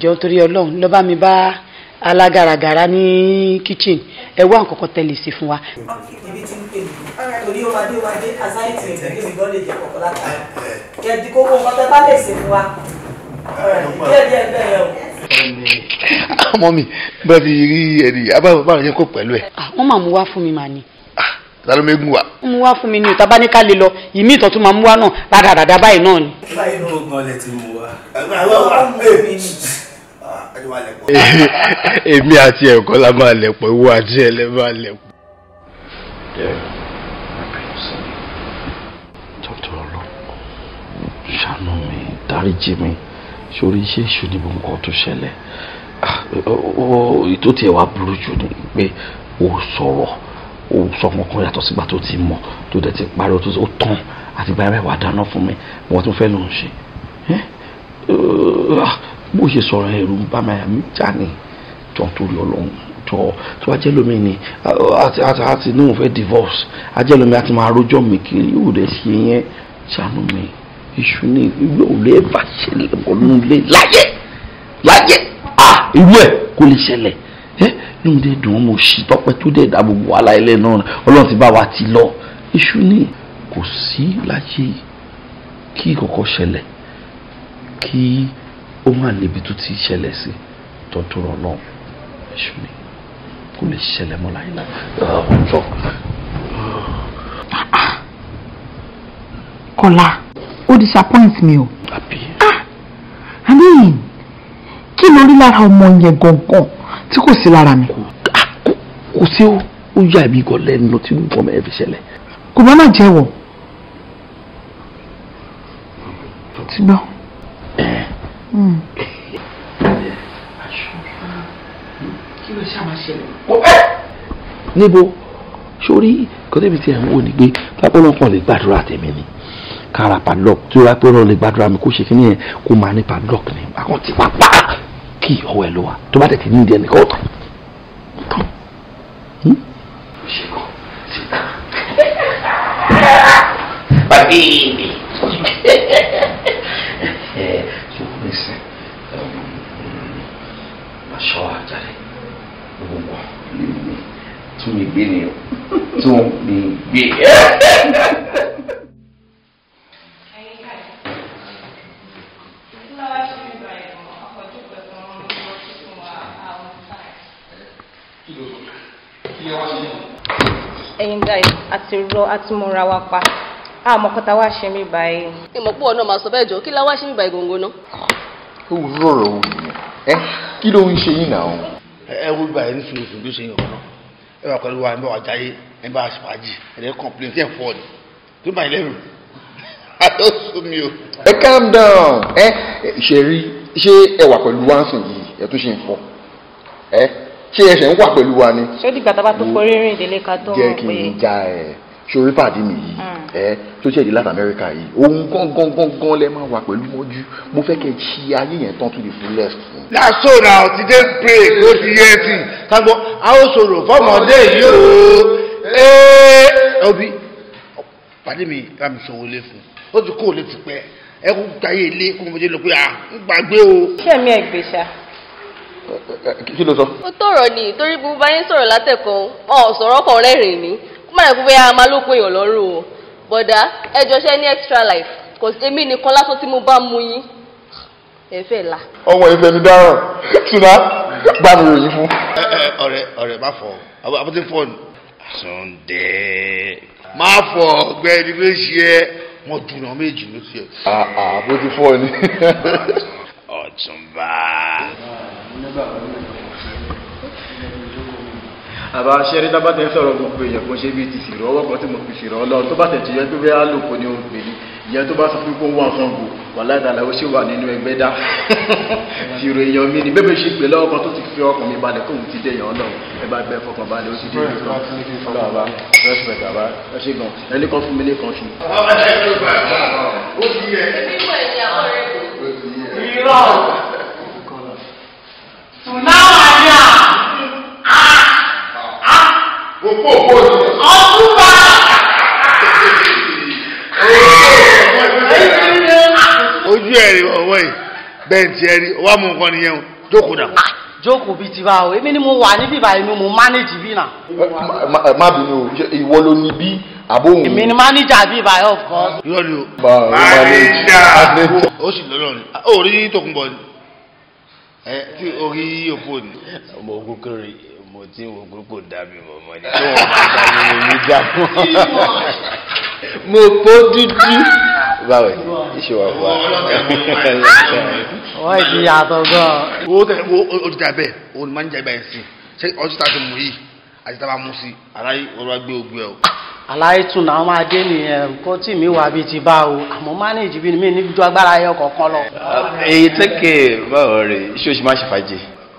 jọ torí Ọlọ́run lọ bá mi bá alágaragara kitchen ẹ wá nǹkan kan tẹ́lẹ̀ sí fún wa. ibi tí ń pè mí torí ó wáá dé wáá dé anxiety rẹ̀ kí mi gbọ́ lè jẹ kọ̀kọ́ látàrí kẹ̀dí kó wọ́n kọ́tẹ́ bá lè sí fún wa díẹ̀ díẹ̀ bẹ́ẹ̀ o àmọ́ mi bá ti rí ẹni abáwọn báwọn yẹn kó pẹ̀lú ẹ̀. Ah, wọ́n máa mú wá fún mi màá ni. Ah, ta ló mẹ́gùn wa. wọ́n mú wá fún mi ní ìta bá ní ká lè lọ ìmí ìtọ́ tó máa mú wá náà rádaràdà báyìí náà ni. báyìí ló gan lẹ ti mú wa. Ah, èmi àti ẹ̀kọ́ la máa lẹ̀ pọ̀ ìwọ àti ẹ̀ lẹ́ máa lẹ̀ pọ̀. dókítà ọlọ ṣàánú mi dáríjì mi tó ṣẹlẹ̀ Ah, tó tiẹ̀ wá burú jù ni pé o sọ̀rọ̀ o sọ fún ọkùnrin yàtọ̀ sígbà tó ti mọ̀ tó dẹ̀ ti pariwo tó o tán àti gba ẹ̀rẹ́ wà dáná fún mi wọ́n tún fẹ́ ló ń ṣe ah, bó ṣe sọ̀rọ̀ ẹ̀rù ń bá mi àyà mi já ni tó ń torí ọlọ́run jọ tó wá jẹ́ ni a ti ní òun fẹ́ divorce a jẹ́ lómi a ti máa rojọ́ mi kiri yóò dẹ̀ ṣe yẹn ṣàánú mi iṣu ni yóò lè bàṣẹ́ lẹ́kọ̀ọ́ nílé láyé láyé à ah, irú ẹ̀ kó lè ṣẹlẹ̀ ẹ́ níhun dé dùn ún mo ṣì tọ́pẹ́ tó dẹ̀ dá gbogbo wàhálà ilẹ̀ náà ọlọ́run ti bá wa ti lọ iṣu ni kò sí láyé kí kọ̀kọ́ ṣẹlẹ̀ kí ó má níbi tó ti ṣẹlẹ̀ sí tọ́jú ọlọ́run iṣu ni kò lè ṣẹlẹ̀ mọ́ láyé náà ọjọ́. Ah, Kọ́lá ó disappoint mi o. àbí. ah i mean kí lórí lára ọmọ yẹn gangan tí kò sí lára mi. Ah, kò sí o ó yà mí gan lẹ́nu lọ tí nǹkan mẹ́rin fi ṣẹlẹ̀. kò má má jẹ́wọ́ ti gbọ́. Hmm. kí ló ṣáà máa ṣẹlẹ̀. níbo sórí kọ́tẹ́bí tí ẹ̀ ń wò ni pé tábọ́lọ́pọ̀ lè gbàdúrà tèmi ni kára padlock tí ó rà pé ọ̀rọ̀ lè gbàdúrà mi kó ṣe kí ni yẹn kó máa ní padlock ni àkàntì pápá kì í ọwọ́ ẹ ló wà tó bá tẹ̀tí ní ìdí ẹnì kan ọ̀tàn. bàbí mi sọkún mi sìn aṣọ àjàre gbogbo tún mi gbé ni o tún mi gbé. lọ a ti wa pa àmọ́ kọ́ta wá ṣe mí báyìí. ìmọ̀ pọ̀ náà máa sọ bẹ́ẹ̀ jọ kí la wá ṣe mí báyìí gbòǹgbò náà. ó wù rọrọ wù nìyẹn ẹ kí ló ń ṣe yín náà. ẹ wú báyìí ní sùúrù sùn bí ó ṣe yàn kọ́nà ẹ wà pẹ̀lú wa ẹ bá wà jáyé ẹ bá aṣèwájì ẹ lè complain tí ẹ fọ ni tó bá ilé rù àlọ́ sún mi o. ẹ calm down ẹ ṣe rí ṣé ẹ wà pẹ̀lú wa ń sùn yìí ẹ tún ṣe ń fọ ẹ ṣé ẹ ṣẹ̀ ń wà pẹ̀lú wa ni. ṣé dìgbà tá a bá tó forí rìn délé ká tó mọ̀ pé. jẹ́ kí n já ẹ̀ sori pàdé mi yìí mm. ẹ tó ṣe di Latin America yìí òun gangan gangan lẹ máa wà pẹ̀lú mọ́jú mo fẹ́ kẹ́ ṣí ayé yẹn tán to the fullest. láṣọ náà ti dé break ó ti yẹ sí i kágbọ́ a ó sọ̀rọ̀ fọmọdé yìí o ee obi pàdé mi ká mi sanwó lé fún ó ti kó o lè ti pẹ́ ẹ kó táyé ilé kó mo jẹ́ lọ pé à ah, ń gbàgbé o. ṣé ẹ̀mí ẹ̀ gbèsà kí ló sọ. ó tọrọ ni torí bí mo bá yín sọ̀rọ̀ látẹkàn ọ sọ̀rọ̀ kan rẹrìn ni má yẹ kó bẹ́ẹ̀ máa ló pé èèyàn lọ́rùn o bọ̀dá ẹ jọ ní extra life kò sí èmi nìkan lásán tí mo bá mu yín ẹ fẹ́ la. ọmọ ìfẹ́ mi dáràn ṣùnà bá mi ròyìn fún. ọ̀rẹ́ ọ̀rẹ́ má fọ àbúté fọ́ọ̀nù. Sunday má fọ ọ̀gbẹ́ni ló ṣe é wọn dùnà méjì ló ṣe. àbúté fọ́ọ̀nù. Ọ̀túnba àbá ṣẹ́rí tá bá tẹ̀ ń sọ̀rọ̀ gbogbo èèyàn kò ṣe bí ti fìrọ̀ ọwọ́ kan tí mo fi fìrọ̀ ọlọ́run tó bá tẹ̀ ti yẹ pé bẹ́ẹ̀ àlòkò ni ó gbè ní ìyẹn tó bá sọ pé kó wọ́n sango wà ládàlà ó ṣe wà nínú ẹgbẹ́ dá fìrọ̀ èèyàn mi ni bébè ṣe pè lọ́wọ́ kan tó ti fi ọkàn mi balẹ̀ kóhun ti dẹ̀yàn ọlọ́run ẹ bá gbẹ fọkàn balẹ̀ ó ti dé ìlú kan ọlọ́run àbá respect àbá ẹ ṣe gan ẹni kan fún mi lẹ́kan ṣù. ọ̀rọ̀ ẹ̀ kó o kó o ní. ọ̀túnba. ojú ẹ̀ rí ọwọ́ yìí bẹ́ẹ̀ ti ẹ̀ rí wàá mú nǹkan nìyẹn o jókòó dà ah, jókòó bíi ti báwo èmi ni mo wà níbí báyìí ni mo mánéjì bí náà. má bínú ìwọ ló ní bí àbóhùn. èmi ni mánéjà bíi báyìí of course. yọ ni o mánéjà ó sì lọ́lọ́ ni ó rí tòkunbọ̀ ni ẹ tí orí òfò ni. ọmọ ogun kiri mo ti ń wo gbogbo dàbí mọ̀mọ́ ni tí wọ́n bá dàbí mi ní dàpọ̀ mo pọ́ dúdú báwo ni iṣẹ́ wà fún wa. wọ́n ti yàtọ̀ gan. owó tẹ owó ojútà bẹ́ẹ̀ o máa ń jẹ báyìí sí ṣé ọjọ́ tá a ti mú yìí àti tá a bá mú sí aláì ọ̀rọ̀ agbé ogun ẹ̀ o. aláì tún náà máa dé nìyẹn nǹkan tí mi wà bíi ti bá o àmọ́ mánéèjì bíi mi ní ju agbára yẹn kọ̀ọ̀kan lọ. èyí tẹ́kẹ̀ báwo rè iṣẹ́ oṣù máa ṣèfàjẹ́.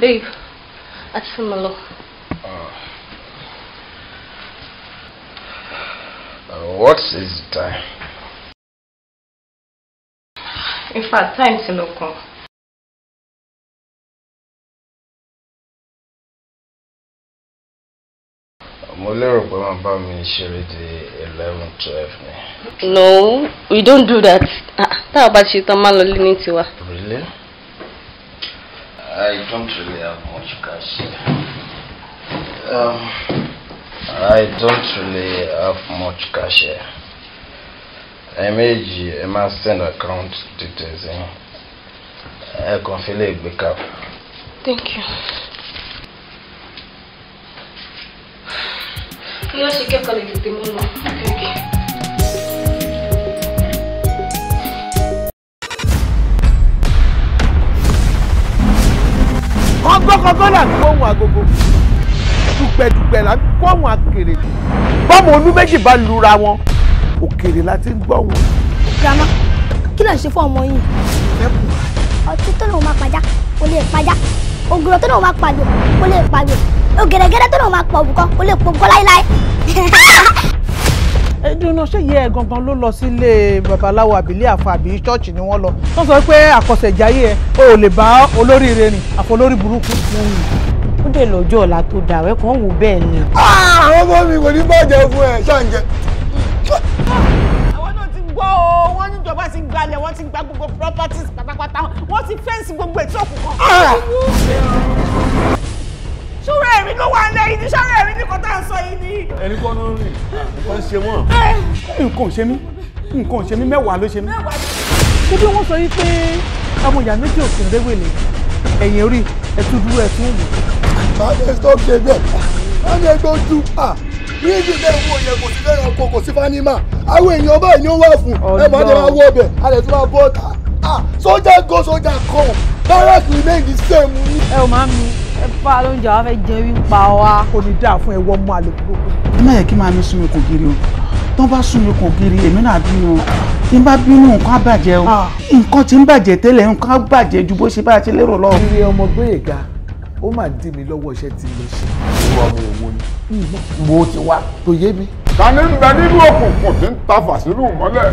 Babe, àti fún mi lọ. What is the time? In fact, time ti lọ kàn. Mo lérò pé màá bá mi ṣeré di eleven twelve No, we don't do that. Ah, tá about bá ṣe tán máa lọ lé ní Really? I don't really have much cash. Um, I don't really have much cash here. Ẹ méjì ẹ máa account details in. Ẹ kàn fi lè gbé Thank you. You wọ́n get kẹ́kọ̀ọ́ lè tètè mú lọ. kọ́kọ́ kọ́ là ń gbóhùn agogo dùpẹ̀dùpẹ̀ là ń gbóhùn akèrè bọ́mọ olú méjì bá lura wọn òkèrè la ti ń gbóhùn. grandma kí ló ń ṣe fún ọmọ yìí. ọtí tó lòun máa pàjá kò lè pàjá ògùrọ̀ tó lòun máa pàjọ kò lè pàjọ ògèrègèrè tó lòun máa pọ̀ òbúkọ kò lè pọ̀ òbúkọ láéláé. dúró ṣé ìyá ẹ gangan ló lọ sílé babaláwo àbílẹ àfa àbí ṣọ́ọ̀ṣì ni wọ́n lọ wọ́n sọ pé àkọsẹ̀jáyé ẹ o ò lè bá olóríire rìn àfọlórí burúkú ó dè lọ́jọ́ ọ̀la tó dà wẹ́ kàn wò bẹ́ẹ̀ ni. Ah, àwọn ọmọ mi kò ní bàjẹ́ fún ẹ ṣáǹjẹ. àwọn náà ti gbọ́ o wọ́n níjọba ti gbalẹ̀ wọ́n ti gba gbogbo properties pátápátá wọ́n ti fẹ́ǹsì gbogbo ètò òkùnkàn. Ah! ṣúra ẹ̀rí ló wà lẹ́yìn ní ṣúra ẹ̀rí ní kọ́tà ń sọ yìí ni. ẹni kọ́ ló ń rìn ah, nǹkan ń ṣe wọ́n. nǹkan ò ṣe mí nǹkan ò ṣe mí mẹ́wàá ló ṣe mí. ṣé bí wọ́n sọ yìí pé ọmọ ìyá méjì òkè ń déwèlé ẹ̀yìn orí ẹ̀ tún dúró ẹ̀ tún wò. báyọ̀ stop ṣe bẹ́ẹ̀ báyọ̀ gbójú à ní ìdílé owó yẹn kò sí lẹ́yìn ọkọ̀ kò sí fanima àwọn èèyàn báyìí ni ó wà fún ẹ máa dé máa wọ ọbẹ̀ a lè tún máa bọ́ ọ̀tá ah soldier go soldier come barrack remain the same. ẹ ò máa ń mi ẹ fà ló ń jà jẹun wí pa wá. ó ní dáa fún ẹwọ́ mú àlòkù gbogbo. má yẹ kí máa mi sún mi kò giri o tó bá sún mi kò giri èmi náà bínú tí n bá bínú nǹkan á o nǹkan tí ń bàjẹ́ tẹ́lẹ̀ nǹkan á ju bó ṣe bá a ṣe lérò lọ. ìrè ọmọ gbóyèga ó máa dì mí lọ́wọ́ iṣẹ́ tí mo ṣe. ìwọ ọmọ òwò ni mo ti wá tó yé mi. ta ni ń bẹ nínú òkùnkùn tí ń ta fàṣírù mọ́lẹ̀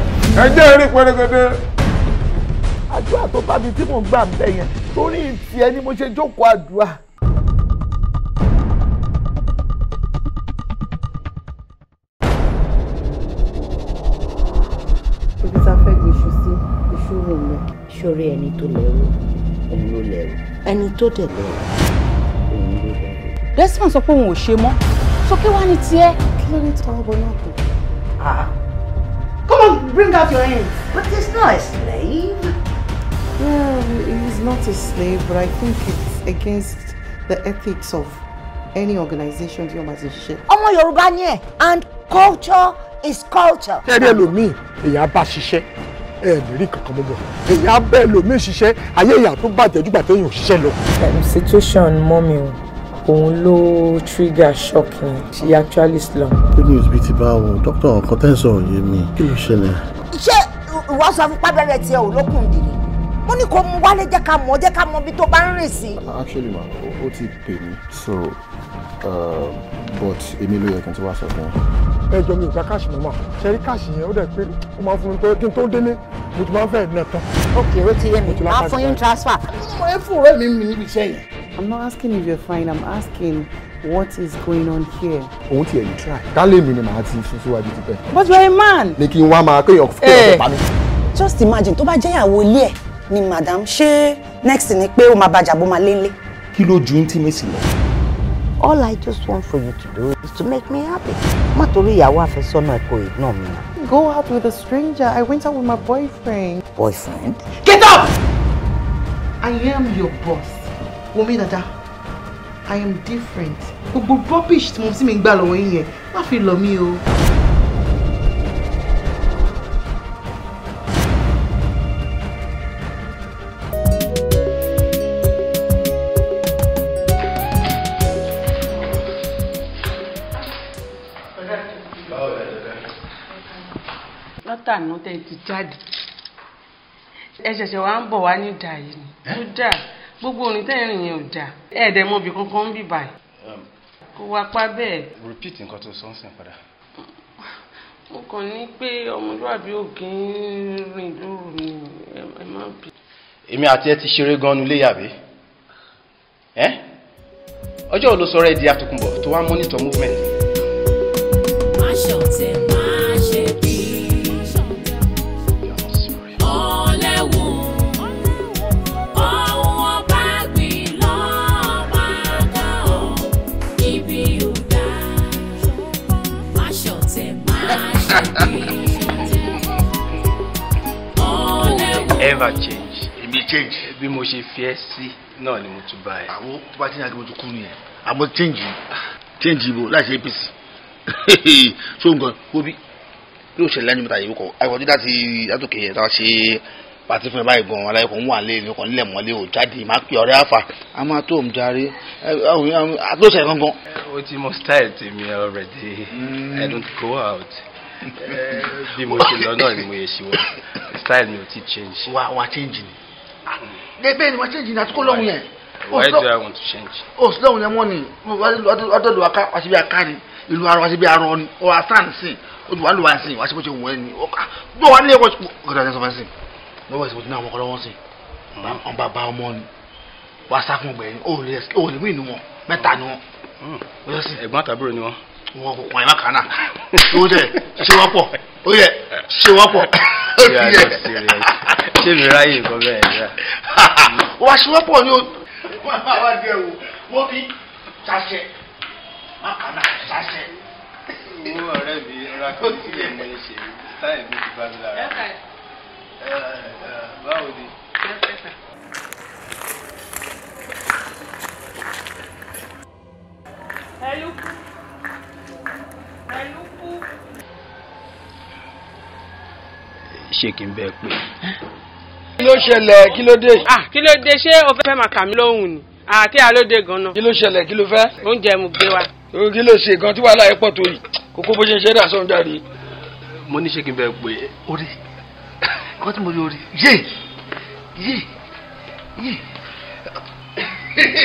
ẹ jẹ́ rí pẹ́rẹ́gẹ́dẹ́. àdúrà tó bá mi tí mò ń gbà ń torí tiẹ̀ ni mo ṣe jókòó àdúrà. ṣorí ẹni tó lẹ́rù. òun ló lẹ́rù. ẹni tó dẹ̀ lẹ́rù. òun ló lẹ́rù. desmond sọ pé òun ò ṣe mọ́ sókè wá ní tiẹ̀. kí ló ní tọwọ́ bọ náà kù. Ah. come on bring out your hand. but he's not a slave. well is not a slave but i think it's against the ethics of any organization tí o máa ti ọmọ yorùbá ni ẹ and culture is culture. ṣé ẹ èèyàn bá ṣiṣẹ́ ẹ lè rí kankan mọ́ bọ̀ èyí á bẹ́ẹ̀ ṣiṣẹ́ ayé ìyá tó bàjẹ́ jùgbà téèyàn òṣìṣẹ́ lọ. situation mọ́mi o òun ló trigger shock yẹn she actually slum. good news bíi ti bá wọn dókítà ọkàn tẹ́sán òye mi kí ló ṣẹlẹ̀. ṣé ìwọ sọ fún pábẹ́rẹ́ tiẹ̀ ò lókun dìde mo ní kó mu wálé jẹ́ ká mọ̀ jẹ́ ká mọ̀ bí tó bá ń rìn sí. actually ma o ti pè mí so uh, but èmi ló yẹ kí n ti wá sọ fún ọ ẹjọ́ mi ò gba káàṣì mọ́ mọ́ ṣe rí káàṣì yẹn ó dẹ̀ pé ó máa fún mi pé kí n tó délé mo ti máa ń fẹ́ ẹ̀ náà tán. ok ti yé mi máa fún yín transfer. mo ẹ fún ọ̀rẹ́ mi mi níbi iṣẹ́ yẹn. i'm not asking if you're fine i'm asking what is going on here. òun tiẹ̀ yìí try kálẹ̀ mi ni màá ti sún síwájú ti pẹ́. but you're a man. ni kí n wá máa kéèyàn kéèyàn tó eh. pa mí. just imagine tó bá jẹ́ ìyàwó ilé ẹ̀ ni madam ṣé next ni pé ó máa bàjẹ́ àbó máa lé ńlé. kí ló ju intimacy lọ all I just want for you to do is to make me happy. Má torí ìyàwó àfẹ́sọ́nà ẹ̀ kò ignore mi. Go out with a stranger. I went out with my boyfriend. Boyfriend? Get up! I am your boss. Wumi Dada, I am different. Gbogbo rubbish tí mo sì mi gbà lọ́wọ́ yín yẹn, má fi lọ mí o. àná tẹ́ ti jáde ẹ ṣẹ̀ṣẹ̀ wá ń bọ̀ wá ní ìdá yìí ni ó dà gbogbo orin yẹn ò dà kankan ń bì báyìí um, wá pa bẹ́ẹ̀. repeat nǹkan tó sọ ń sìn padà. mo kàn ní pé ọmọlúwàbí ń rìn lóru ni ẹ má bì. èmi àti ẹ ti ṣeré gan-an nílé yàbí ọjọ́ wo ló sọ di àtòkùnbọ̀ tó wá monitor movement. má ever change. èmi change. bí mo ṣe fi ẹ́ sí náà ni mo tún bá ẹ. àwọn tó bá change àti mo tún kú nìyẹn àmọ́ change change ibo láì ṣe apc so nǹkan wo bí yóò ṣẹlẹ̀ lẹ́yìn mẹ́ta yìí kọ́ àìkọ́ dídá ti látòkè yẹn tá a ṣe pàtí fún ẹ báyìí gan-an aláyẹ kò ń wà lé nìkan nílẹ̀ mọ́lé o jáde má pè ọ̀rẹ́ àfà á máa tó òun járe àtúnṣe gangan. o ti mọ style tèmi already mm. i don't go out bí mo ṣe lọ náà ni mo yẹ sí wọn style mi ò ti change. wà wà change ni mm. ah, bẹ́ẹ̀ ni wà change ni àtúkọ́ lọ́hùn yẹn. why do I want to change. o oh, sì lọ́hùn yẹn wọ́n ni ọdọ̀lù aká wá síbi aká ni ìlú ara wá síbi arọ ni ọ̀rọ̀ asan sí ojú wa lù wá sí wá sí bó ṣe wù ẹ́ ni gbọ́ wá nílé ẹ̀kọ́ sí ọ̀gá ìjọba sọ́fẹ́ sí lọ́wọ́ ìṣègùn náà wọ́n kọ́ lọ́wọ́ sí ọba bá mm. ọmọ ni wá sá fún ọgbẹ̀rin ó lè wí ni wọn mẹ́ta ni wọn. Mm. ẹ̀gbọ́n àtàbúrò ni wọn wọn kò kàn ẹ́ lákàánà tó dẹ̀ ṣé wọ́n pọ̀ ó yẹ ṣé wọ́n pọ̀ ó ti yẹ. ṣé mi ráyè kọ bẹ́ẹ̀ rẹ̀. wọ́n aṣọ wọ́n pọ̀ ni o. wọ́n bá wá dé o wọ́n fi ṣàṣẹ lákàánà ṣàṣẹ. owó ọ̀rẹ́ mi ra kí n tilẹ̀ mọ ẹ ṣe táyà mi ti ṣé kí n bẹ́ẹ̀ pé. kí ló ṣẹlẹ̀ kí ló dé. Ah, kí ló dé ṣé o fẹ́ máa kà mí lóhùn ni àti ah, àlóde gan-an. kí ló ṣẹlẹ̀ kí ló fẹ́. oúnjẹ mo gbé wa. kí ló ṣe gan tí wàhálà yẹn pọ̀ tó kókó bó ṣe ń ṣe dà sóun jáde. mo ní ṣé kí n bẹ́ẹ̀ pé orí kọ́ tí mo rí orí yé yé yé.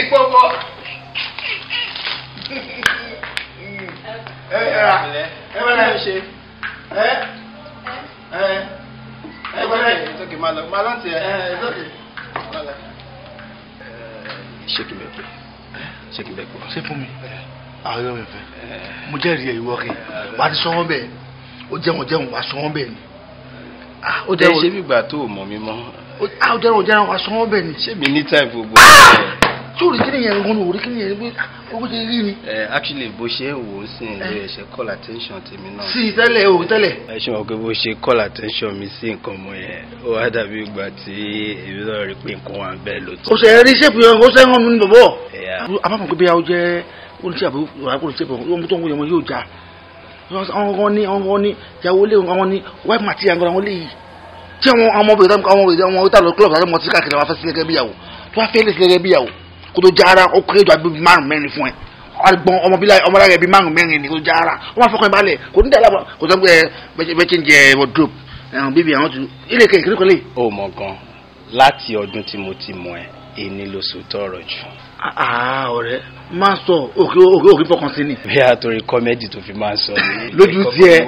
gbọ́ngàn ẹ ẹ ra ẹ wẹrẹ ṣe ẹ ẹ ẹ wẹrẹ ìtọ́kì máa lọ máa lọ tiẹ ẹ ìtọ́kì máa lọ. ṣé kí n bẹ pé ṣé kí n bẹ pé ṣé fún mi ààrẹ mi fẹ mo jẹ́rìí ẹ ìwọ kẹ wà á ti sọ wọn bẹ́ẹ̀ o jẹun jẹun wà á sọ wọn bẹ́ẹ̀ ni. Ah, ó dẹ́ ṣe bí ìgbà tó o mọ̀ mi mọ́. ó dẹ́rùn ah, jẹ́rùn wà á sọ wọn bẹ́ẹ̀ ni. ṣé mi ní táì gbogbo ẹ̀. Ah! tí ò rí kí nìyẹn ń rí kí nìyẹn ń owó ṣe rí ni. ẹ eh, actually bó ṣe wò ó sìn ló yẹ ṣe call attention tèmi náà. sí tẹ́lẹ̀ o tẹ́lẹ̀. ẹ ṣe wọn pé bó ṣe call attention mi sí nǹkan mọ yẹn ó wá dàbí ìgbà tí èmi náà rí pé nǹkan wà ń bẹ́ẹ̀ ló ti. o ṣe rí ṣèpù yẹn o ṣe ń hàn mí ní bọ̀bọ̀. àbámọ̀ pé bí a jẹ́ oníṣẹ́ àbúrò àkóró ṣèpù ọmọ tó ń wọ̀nyẹn yóò já àwọn ní àwọn ní ìyàwó lé àwọn ní wáìpù àti àgbàrá wọn léyìí tí àwọn ọmọ bèrè àwọn ọmọ bèrè àwọn ọmọ ìta lọ kílọ̀bù àti ọmọ tí káàkiri wọn fẹ́ sílẹ̀ gẹ́gẹ́ bíyàwó tó wá fẹ́ lè sílẹ̀ gẹ́gẹ́ bíyàwó kó jára ó kéré jù àbí márùn mẹ́rin fún ẹ àgbọn ọmọbílà ọmọlára ẹbí márùn mẹ́rin ni kó jára ó máa fọkàn balẹ̀ kò ní dàgbà kò sọ pé bẹ́ẹ̀ tí ń jẹ wardrobe ẹ̀hún bíbí àwọn tún ilé kẹ̀ kéré kọ́lé. ó mọ gan láti ọdún tí mo ti mọ ẹ èyí ló sọ tọrọ jù. ọ̀rẹ́ máa sọ òkè òkè òkè fọkàn sí ni. bí a torí kọ́mẹ́dì tó fi máa sọ. lójú tiẹ̀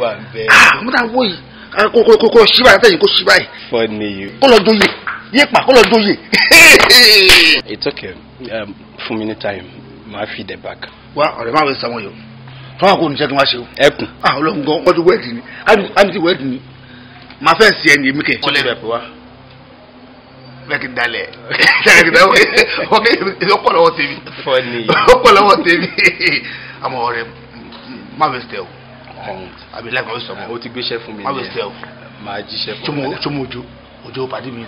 ah mo ta wo yìí kó kó ṣí báyìí àtẹ̀yìn kó ṣí báyìí. Funny you. kó lọ joyè yé pa kó lọ joyè. It's okay um, fún mi ní time màá fi dé back. wá ọ̀rẹ́ máa wẹ̀ sàwọn yòó fọwọ́n kò ní sẹ́tún wá ṣe o. ẹkùn. ah ọlọ́run gan wọ́n ti wẹ́ẹ̀dì ni á ní ti wẹ́ẹ̀dì ni màá fẹ́ sí ẹni èmi kẹ. kọ́lé rẹ̀ pẹ̀ wá. bẹ́ẹ̀ kì í dalẹ̀ ṣẹ́yìn kì í dalẹ̀ ọkẹ́ èmi ọpọlọwọ tèmi. fọ́ọ̀nì. ọpọlọwọ tèmi àmọ́ ọ̀rẹ́ má wẹ̀ sẹ́ ọ̀hún àbí lẹ́kọ̀ọ́ sọ̀rọ̀ o ti gbéṣẹ́ fún mi nìyẹn máa jíṣẹ́ fún mi. tí mo ojú ojú pàdé mi.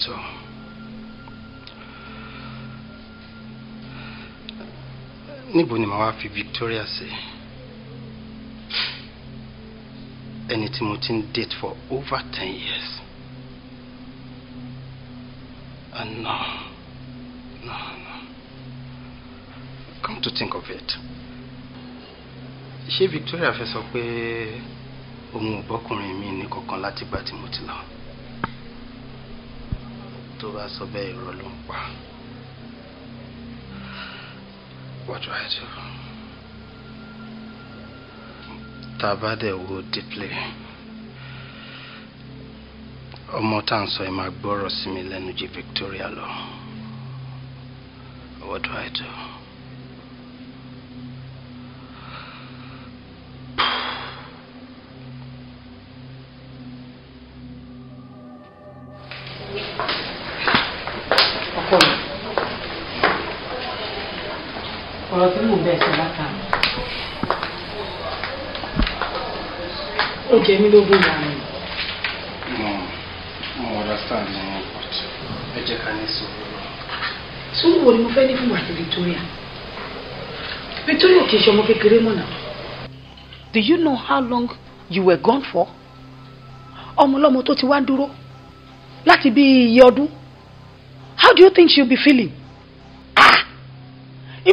und so. níbo ni màá wá fi Victoria sí ẹni tí mo ti ń date for over ten years and ah, no no no come to think of it ṣé Victoria fẹ́ sọ pé òun ò bọ́kùnrin mi ní kankan látìgbà tí mo ti lọ tó bá sọ bẹ́ẹ̀ irọ́ ló ń pa what do I do tá a bá dẹ̀ wo deeply ọmọ tá à ń sọ ẹ máa gbọ́rọ̀ sí mi lẹ́nu ju Victoria lọ what do I do. jẹ mí lógún ìyá mo mo understand mo no, but ẹ jẹ́ ká ní sùúrù sùúrù wo ni mo fẹ́ ní fún àti Victoria Victoria kì í ṣe ọmọ kékeré mọ́ náà. Do you know how long you were gone for? ọmọ ọlọ́mọ tó ti wá dúró láti bí iye ọdún How do you think she'll be feeling?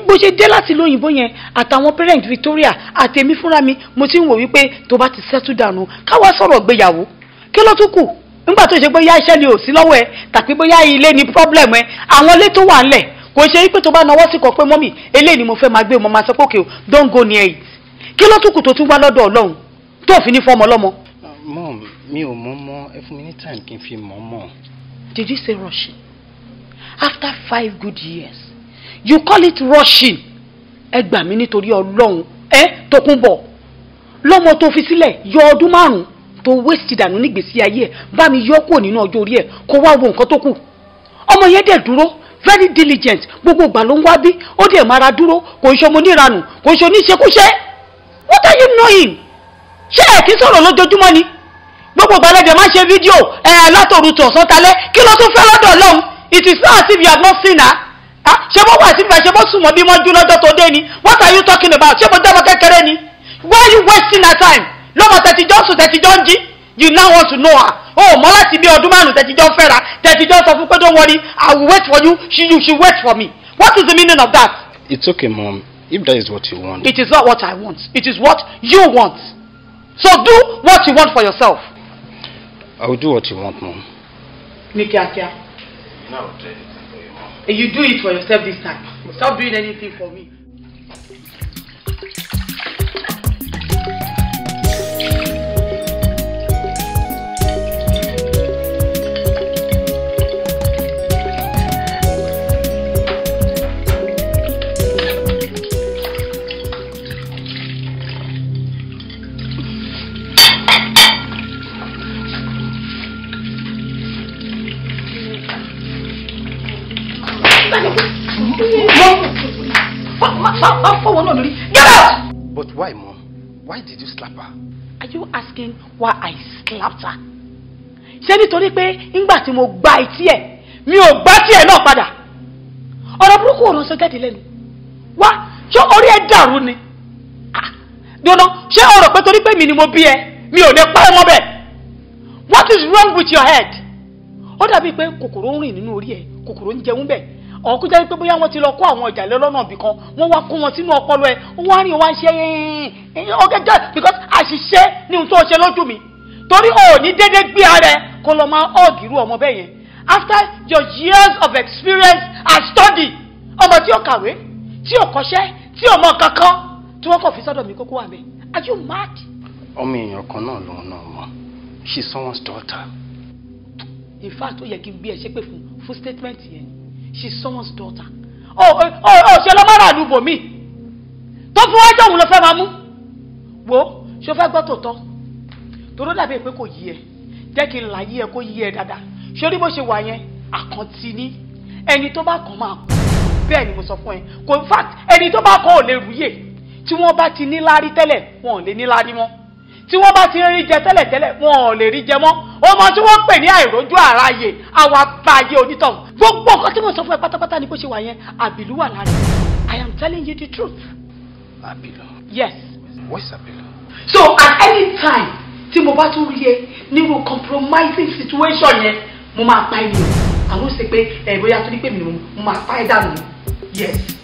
bó ṣe dé láti lóyìnbó yẹn àtàwọn parent Victoria àtèmi fúnra mi mo ti ń wò wípé tó bá ti settle down káwá sọ̀rọ̀ gbéyàwó kí ló tún kù nígbà tó ṣe bóyá iṣẹ́ ni ò sí lọ́wọ́ ẹ tàbí bóyá ilé ni problem ẹ àwọn ilé tó wà ńlẹ̀ kò ṣe wípé tó bá nawọ́ sí kan pé mọ́mì eléyìí ni mo fẹ́ máa gbé mo máa sọ o don go near it kí ló tún kù tó tún wá lọ́dọ̀ ọlọ́run tó fi ní fọmọ lọ́mọ. mọ mi ò mọ mọ ẹ fún mi ní time kí n fi mọ did you say rush after five good years you call it rushing ẹ gbà mí nítorí ọlọ́run ẹ Tókunbọ̀ lọ́mọ tó fi sílẹ̀ yọ ọdún márùn-ún tó wéṣì dànù nígbèsí ayé ẹ̀ bá mi yọ kúrò nínú ọjọ́ orí ẹ̀ kó wá wo nǹkan tó kù ọmọ yẹn dẹ̀ dúró very diligent gbogbo ìgbà ló ń wá bí ó dẹ̀ mara dúró kò ṣe ọmọ oníranù kò ṣe oníṣekúṣe what are you knowing ṣé ẹ̀ kí sọ̀rọ̀ lójoojúmọ́ ni gbogbo ìgbàlejò máa ń ṣe fídíò ẹ̀ látòrutọ̀ sọ́talẹ́ kí ló tún fẹ́ lọ́dọ̀ ọlọ́run it is not as if you have not seen her ṣé mo wà síbi àṣẹ mo sùn bí wọ́n jú lọ́jọ́ tó dé ni what are you talking about ṣé mo dábọ̀ kékeré ni why are you wasting our time lọ́mọ tẹ̀tijọ́ sùn tẹ̀tijọ́ ń jí you now want to know her o mọ láti bí ọdún márùn tẹ̀tijọ́ fẹ́ra tẹ̀tijọ́ sọ fún pé don't worry i will wait for you she you she wait for me what is the meaning of that. it's okay mom if that is what you want. it is not what i want it is what you want so do what you want for yourself. i will do what you want mom. ní kíákíá. now tell me you do it for yourself this time. Stop doing anything for me. wọn náà lórí get out. but why mom why did you slap her. are you asking why i slapped her. ṣé nítorí pé ńgbà tí mo gba etí ẹ mi ò gbá tí ẹ náà padà ọ̀rọ̀ burúkú ọ̀rọ̀ sọ jáde lẹ́nu wá ṣé orí ẹ dàrú ni dọ́nà ah, ṣé ọ̀rọ̀ pé torí pé mi ni mo bí ẹ mi ò lè pa ẹ mọ́ bẹ́ẹ̀ what is wrong with your head ó dàbí pé kòkòrò ń rìn nínú orí ẹ kòkòrò ń jẹun bẹ́ẹ̀ ọ̀kú pé bóyá wọ́n ti lọ kó àwọn ọjà lọ́nà ibì kan wọ́n wá kó wọn sínú ọpọlọ ẹ̀ wọ́n á rìn wá ṣe ọgẹ́gẹ́ because àṣìṣe oh, ni ohun tó ṣe lójú mi torí ò ní dédé gbé ara ẹ kó lọ máa ọ̀gì irú ọmọ bẹ́ẹ̀ yẹn after your years of experience and study ọmọ tí ó kàwé tí ó kọ́ṣẹ́ tí ó mọ kankan tí wọ́n kàn fi sọ́dọ̀ mi kókó wà mẹ́ are you mad. ọmọ èèyàn kan náà lòun náà mọ she is someone's daughter. in fact ó yẹ kí n gbé ẹ ṣépè fún fún statement yẹn she's someone's daughter oh oh oh, oh ṣe lọ má rà lùbọ̀ mi tó fún wájú òun ló fẹ́ máa mú wo ṣe fẹ́ gbọ́ tòótọ́ tòótọ́ dàbí pé kò yí ẹ jẹ́ kí n là yí ẹ kó yí ẹ dáadáa ṣé orí bó ṣe wà yẹn àkàntì ni ẹni tó bá kàn máa kú bẹ́ẹ̀ ni mo sọ fún ẹ kò in fact ẹni tó bá kàn ò lè rúyè tí wọ́n bá ti ní láárí tẹ́lẹ̀ wọn ò lè ní mọ́ tí wọ́n bá ti rí jẹ tẹ́lẹ̀tẹ́lẹ̀ wọn ò lè rí jẹ mọ́ ọmọ tí wọ́n pè ní àìrójú àráyè àwa báyé onítọ̀ gbogbo nǹkan tí mo sọ fún ẹ pátápátá ni bó ṣe wà yẹn àbìlú wà lára I am telling you the truth. Abilo. yes. where's Abilo? so at any time tí mo bá tún rí ẹ nínú compromising situation yẹn mo máa pa ẹ nìyẹn àwọn ò sè pé ẹ bóyá torí pé mi ò mo máa pa ẹ dànù yes.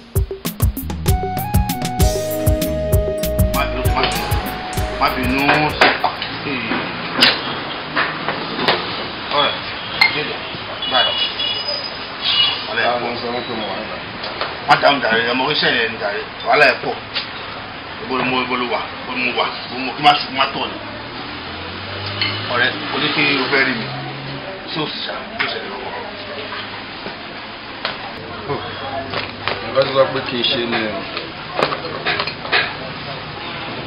má bínú má dàmú dàrí ẹ mọ oríṣẹ́ yẹn dàrí wàhálà ẹ pọ̀ ìbolo mo ìbolo wà ìbolo mo wà ìbolo mo kí má sùn má tọ̀ ni ọ̀rẹ́ o ní kí o fẹ́ rí mi sí òṣìṣà tó ṣẹlẹ̀ lọ́wọ́. ìbáṣepọ̀ pé kì í ṣe ni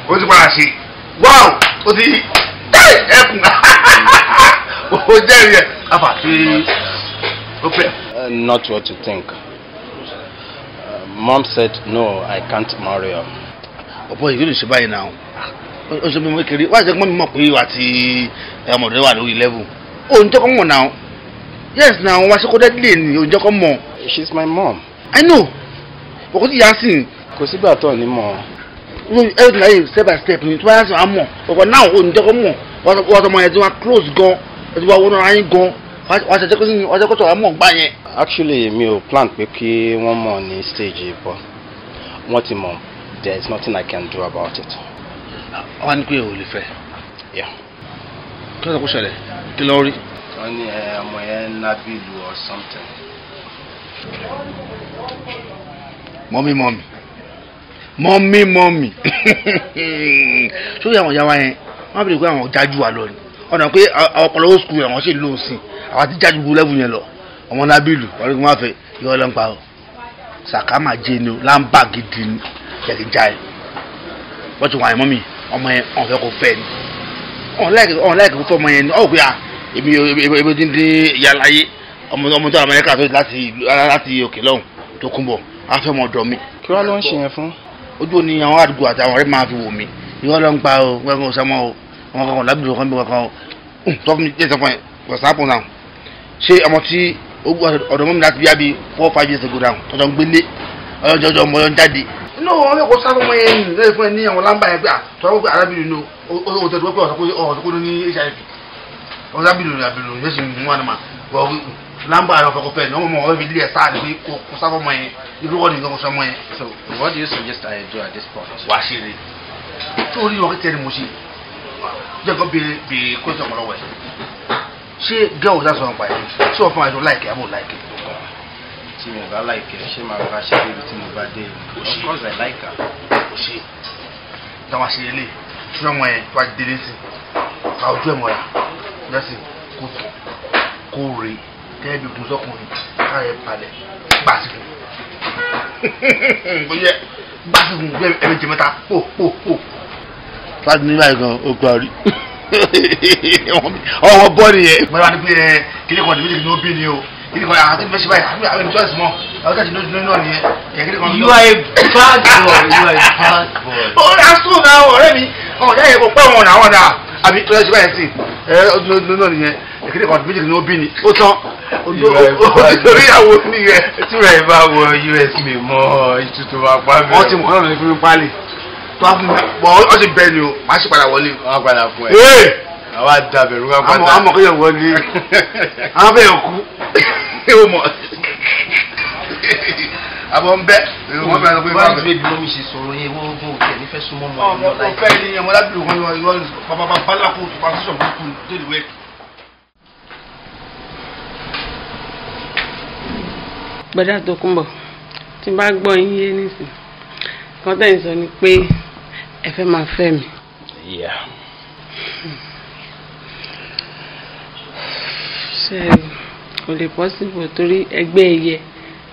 ó ti padà sí i o ti ẹkùn o jẹ́rìí ẹ̀ afa ṣe o fẹ́. Uh, not what you think. Uh, Mom said no, I can't marry her. ọ̀pọ̀ ìgbélé ṣe báyìí náà o ṣe mímú kiri wáṣẹ gbọ́n mi mọ̀ pé ìwà àti eh, ọmọdé wà lórí level òun jẹ́ kó mọ̀ náà yes náà wọ́n wáṣẹ́ kó dẹ́dílé ni òun jẹ́ kó mọ̀. She's my mom. I know. òkú ti yá sí. kò sígbà tó ní mọ̀ everything ayé step by step ni tí wọ́n yá sí wọn ọ̀pọ̀ náà ò ní jẹ́kọ́ mọ̀ wọ́n tọmọ yẹn tí wọ́n close gan ẹ̀ tí wọ́n wọ́n náà yín gan wọ́n ṣe jẹ́kọ́ sí wọ́n jẹ́kọ́ tó wọ́n mọ̀ yẹn. actually mi ò plan pé kí wọ́n mọ̀ ní stage yìí bọ́ wọ́n ti mọ̀ there is nothing I can do about it. wọ́n á ní pé o lè fẹ́. kí ló kó ṣẹlẹ̀ kí ló rí. wọ́n ní eh, ọmọ yẹn nábìlù or something. mọ́mí mọ́mí mọ́mí mọ́mí sórí àwọn ìyá wa yẹn wọ́n bèrè pé àwọn jájú wa lọ ni ọ̀nà pé ọ̀pọ̀lọpọ̀ old school àwọn sì lò sí àwọn àti jájú gbogbo lẹ́bùn yẹn lọ ọmọ nábìlù wọ́n rí kí wọ́n fẹ́ yọ ọ́ lọ́npa o sàkámà jẹ́ ni o láǹbà gidi ni jẹ́kí já ẹ wọ́n ti wọ àyẹ̀mọ́ mi ọmọ yẹn ọ̀n fẹ́ kó fẹ́ ni ọ̀n láìkí fún ọmọ yẹn ni ọ̀n pé à ah, èmi ebi ti ń dín yàrá yé ọmọ tó àmọ́ yẹn kà tó láti òkè lọ́hùn tó kún bọ̀ á fẹ́ mọ̀ ọ̀dọ̀ mi. kí wàá ló ń ṣe yẹn fún ojú ò ní àwọn àdúgbò àti àwọn ọ̀rẹ́ máa fi wò mí ìwọ ló ń pa o wọ́n kò sọmọ o wọn kò lábìlú kan bí wọn kan o tọ́ fún mi jẹ́ sọ fún ẹ wọ́sàpù náà ṣé ọmọ tí ọ̀dọ̀ mọ́mi láti bíyà bíi four five years ago náà tọ́jọ́ ń gbélé ọjọ́jọ́ ọmọ ọjọ́ ń jáde. inú wọn kò sá fún ẹ yẹn lẹ́yìn fún ẹ ní àwọn lámbà yẹn pé àtọ́wọ́ pé arábìnrin ní o tẹ̀síwọ́ pé ọ̀sán kó ní hiv ọ̀sán bìnrin ní abirin yóò sì mú wọn náà flambo ara ọkọ fẹ lọmọ mọ ọbẹ ilé ẹsẹ àdìgbé kò kò sábà mọ yẹn irú wọn ni lọmọ sọmọ yẹn. so what do you suggest I do at this point. wàá ṣe rè torí ọkẹ tẹni mo ṣe jẹ kó béèrè béèrè kó sọ ọmọlọwọ ẹ ṣé gẹ́wọ̀n sá sọ̀rọ̀ pàdé ṣé wọ́n fún like ṣe láìkẹ́ àbò láìkẹ́. tí mo bá láìkẹ́ ṣé màá bá ṣe débi tí mo bá dé of course I like her. kò ṣe táwọn àṣírí lè tí wọ́n mọ ẹ wá délé sí i ká ojú ẹ̀ mọ́ra yẹ́sìn kó tó kó rèé kẹ́ bí ògùn sọkùnrin ká ẹ balẹ̀ gbàsìkò bóyá gbàsìkò jẹ mẹ́ta pò pò pò. láti ní báyìí gan o gbọ́ rí ọwọ́ bọ́ nìyẹn. mo máa ní pé ẹ eh, kan tèmi lè ní obì ni o kílẹ̀ kan àti fẹ́ ṣe báyìí àti àwọn ìjọ́sí mọ́ àwọn ìjọ́sí ló dúró náà nìyẹn. you are a bad boy you are a bad boy. ó rà sùn náà ọ̀rẹ́ mi ọ̀dà yẹ kó pẹ́ wọn náà wọn náà àbí ẹ ṣe báyìí sí ẹ ọdún náà nìyẹn èkéde kan méjì ni ó bí ni ó tán orí àwo nìyẹn. ìtura ẹ bá wọ us mi mọ ìtutù apá mi. wọ́n ti mọ̀ ọ́nà ní fún pálí tó a fún mi bọ̀ ọ́ ti bẹ́ẹ̀ ni o màá sì padà wọlé. wọ́n á padà fún ẹ. àwa dàbẹ̀rù wá padà. àmọ́ àmọ́ kéèyàn wọlé àwọn bẹ́ẹ̀ kú. àbọ̀ ń bẹ́. wọ́n bẹ̀rẹ̀ pé báwo. báyìí bí omi ṣe sọ̀rọ̀ yẹn wọ́n gún òkè ní fẹ́ súnmọ́ mọ́ ẹ̀rọ láì. ọ̀pẹ ni ẹ̀wọ̀n lábìrì wọn lọ ìwọ bàbá bálákò tó bá sọ̀rọ̀ kúkú lórí wẹ́ẹ̀. gbọ́dá tó kún bọ̀ tí bá gbọ́ yín yé nísìn kan tẹ̀ ń sọ ni pé ẹ fẹ́ máa fẹ́ mi. ṣe kò lè pọ́sibò torí ẹgbẹ́ ẹ̀yẹ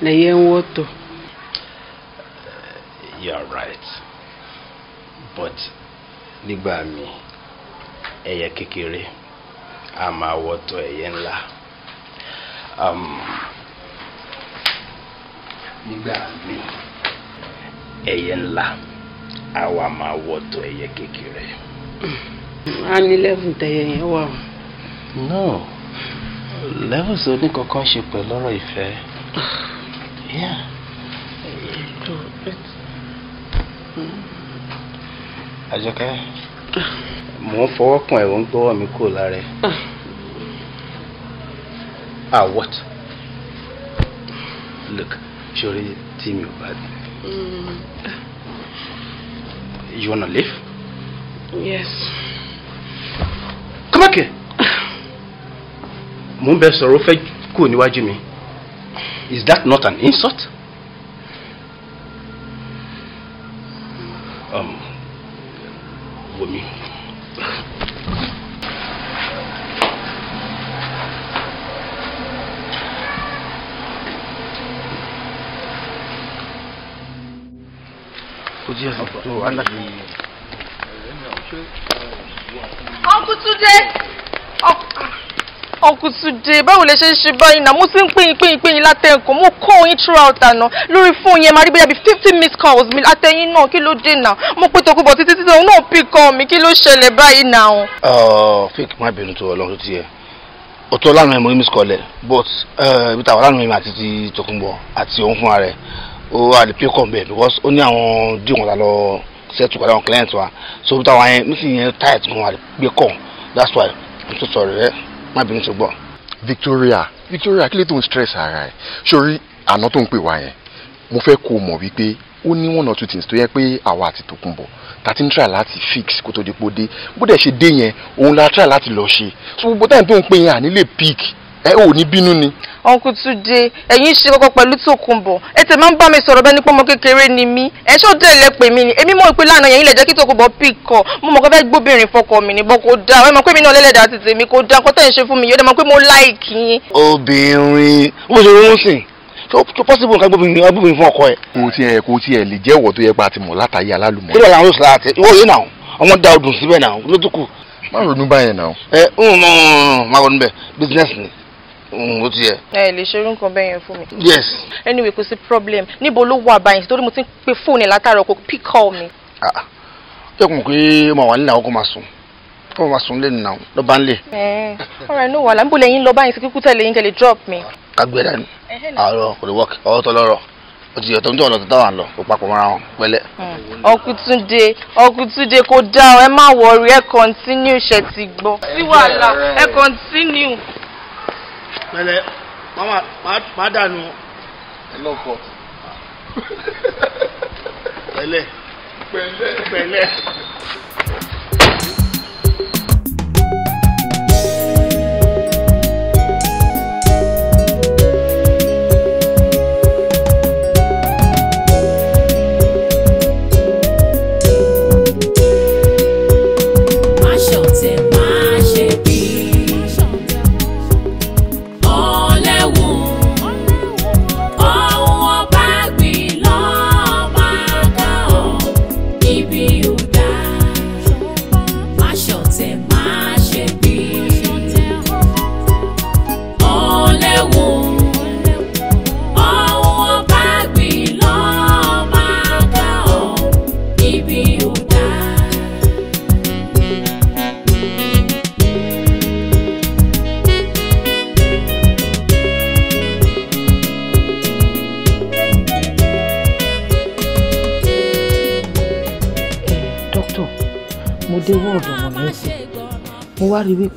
lẹ̀yẹ ń wọ́tọ̀ you are right but nígbà míì ẹyẹ kékeré a máa wọ́tọ̀ ẹyẹ ńlá um, nígbà míì ẹyẹ ńlá a wà máa wọ́tọ̀ ẹyẹ kékeré. a ní lẹ́fù tẹ̀yẹ yẹn wà. no lẹ́fù tó ní kankan ṣe pẹ̀lú ọ̀rọ̀ ìfẹ́. Ah. yeah. àjọkẹ́ mò ń fọwọ́ kàn ẹ̀rọ ń gbọ́wọ́ mi kúrò lára ẹ̀ ah. ah what look sori tí mi ò bá dé mm. you wanna leave. yes. come back here. Ah. mò ń bẹ sọ̀rọ̀ fẹ́ kúrò níwájú mi is that not an insult. to understand. Uncle Túndé Uncle Túndé báwo lẹ ṣe ń ṣe báyìí náà mo ti ń pín in pín in pín in látẹ̀kùn mo kọ́ yín throughout àná lórí fóònù yẹn máa rí bóyá bíi fifty missed calls mi látẹ̀yìn náà kí ló dé náà mo pé tòkúbọ̀ títí títí òun náà pick call mi kí ló ṣẹlẹ̀ báyìí náà. fake má bínú tó ọlọ́run tó ti ọ̀tọ̀ lánàá ẹ̀ mo rí miss call ẹ̀ but ibi táwọn lánàá ẹ̀ mi àti ti tòkúnbọ̀ àti òun fúnra rẹ̀ ó àdìpé kọ̀ mbẹ̀ because ó ní àwọn díwọ̀n la lọ settle pẹ̀lú àwọn client wa so bí táwọn yẹn nísìnyí yẹn tight gan àdìpé kọ̀ that's why i'm so sorry ẹ má bínú ṣùgbọ́n. Victoria Victoria kí ló tó ń stress ara ẹ sórí àná tó ń pè wá yẹn mo fẹ́ kó o mọ̀ wípé ó ní one or two things tó yẹ pé àwa àti Tòkunbọ̀ tàti ń try láti fix kó tó di pé ó dé bó dẹ̀ ṣe dé yẹn òun la try láti lọ ṣe so gbogbo táyà tó ń pè yẹn à nílé pick ẹ ò ní bínú ni. ọ̀nkù Túndé ẹ̀yin ṣe kọ́kọ́ pẹ̀lú Tòkunbọ̀ ẹ tẹ̀ máa ń bá mi sọ̀rọ̀ bẹ́ẹ̀ nípa ọmọ kékeré ni mí ẹ̀ ṣó dé ilẹ̀ pè mí ni èmi mọ̀ pé lánàá yẹn ilẹ̀ jẹ́ kí Tòkunbọ̀ pì kọ́ mo mọ̀ kó fẹ́ gbóbìnrin fọkọ mi níbọ̀ kó dá ẹ mọ̀ pé mi náà lẹ́lẹ̀dá ti tèmi kó dá kọ́tẹ́ ń ṣe fún mi yóò dẹ́ mọ̀ pé mo láìkì yín. obìnrin bó ṣe ń sìn tó pọ́sibú nǹkan gbóbìnrin agbóbìnrin fún ọkọ ẹ̀. kò tiẹ̀ kò tiẹ̀ lè jẹ́wọ́ tó yẹ pé a ti mọ̀ látàyè alálùmọ́. kí ló làwọn yóò sọ àtẹ ìwọ yìí náà ọmọ da odò síbẹ̀ náà lótùkù. má ronú báyẹn náà. ẹ ń mọ máa ronú bẹ́ẹ̀ business ni ó mm, ti yẹ. ẹ lè ṣerú nǹkan bẹ́ẹ̀ yẹn fún mi. yes. anyway kò sí problem níbo ló wà báyìí torí mo ti ń pe fóònù ẹ̀ látàárọ̀ kò pick call mi. yóò ah, kún pé mo wà nílẹ̀ àwọn kò máa sùn kò máa sùn lẹ́nu náà ló bá ń lè. ẹ ọ̀rẹ́ ní wàhálà níbo lẹ́yìn lọ báyìí sí kíkú tẹ̀lé yín kẹ́ lè drop mi. kágbé dání àárọ̀ kò lè work ọwọ́ tó lọ́rọ̀ o ti yọtọ̀ nítorí ọ̀nà tó táwọn lọ kó papọ̀ mọ́ra wọn pẹ́lẹ́. ọkùtúndé hmm. ọkùtúndé kò dá ọ ẹ má wọrí ẹ kọ́ntínú ṣe ti gbọ́ sí wàhálà ẹ kọ́ntínú pẹ̀lẹ́ má dànù. hello port. pẹ̀lẹ́ pẹ̀lẹ́ pẹ̀lẹ́.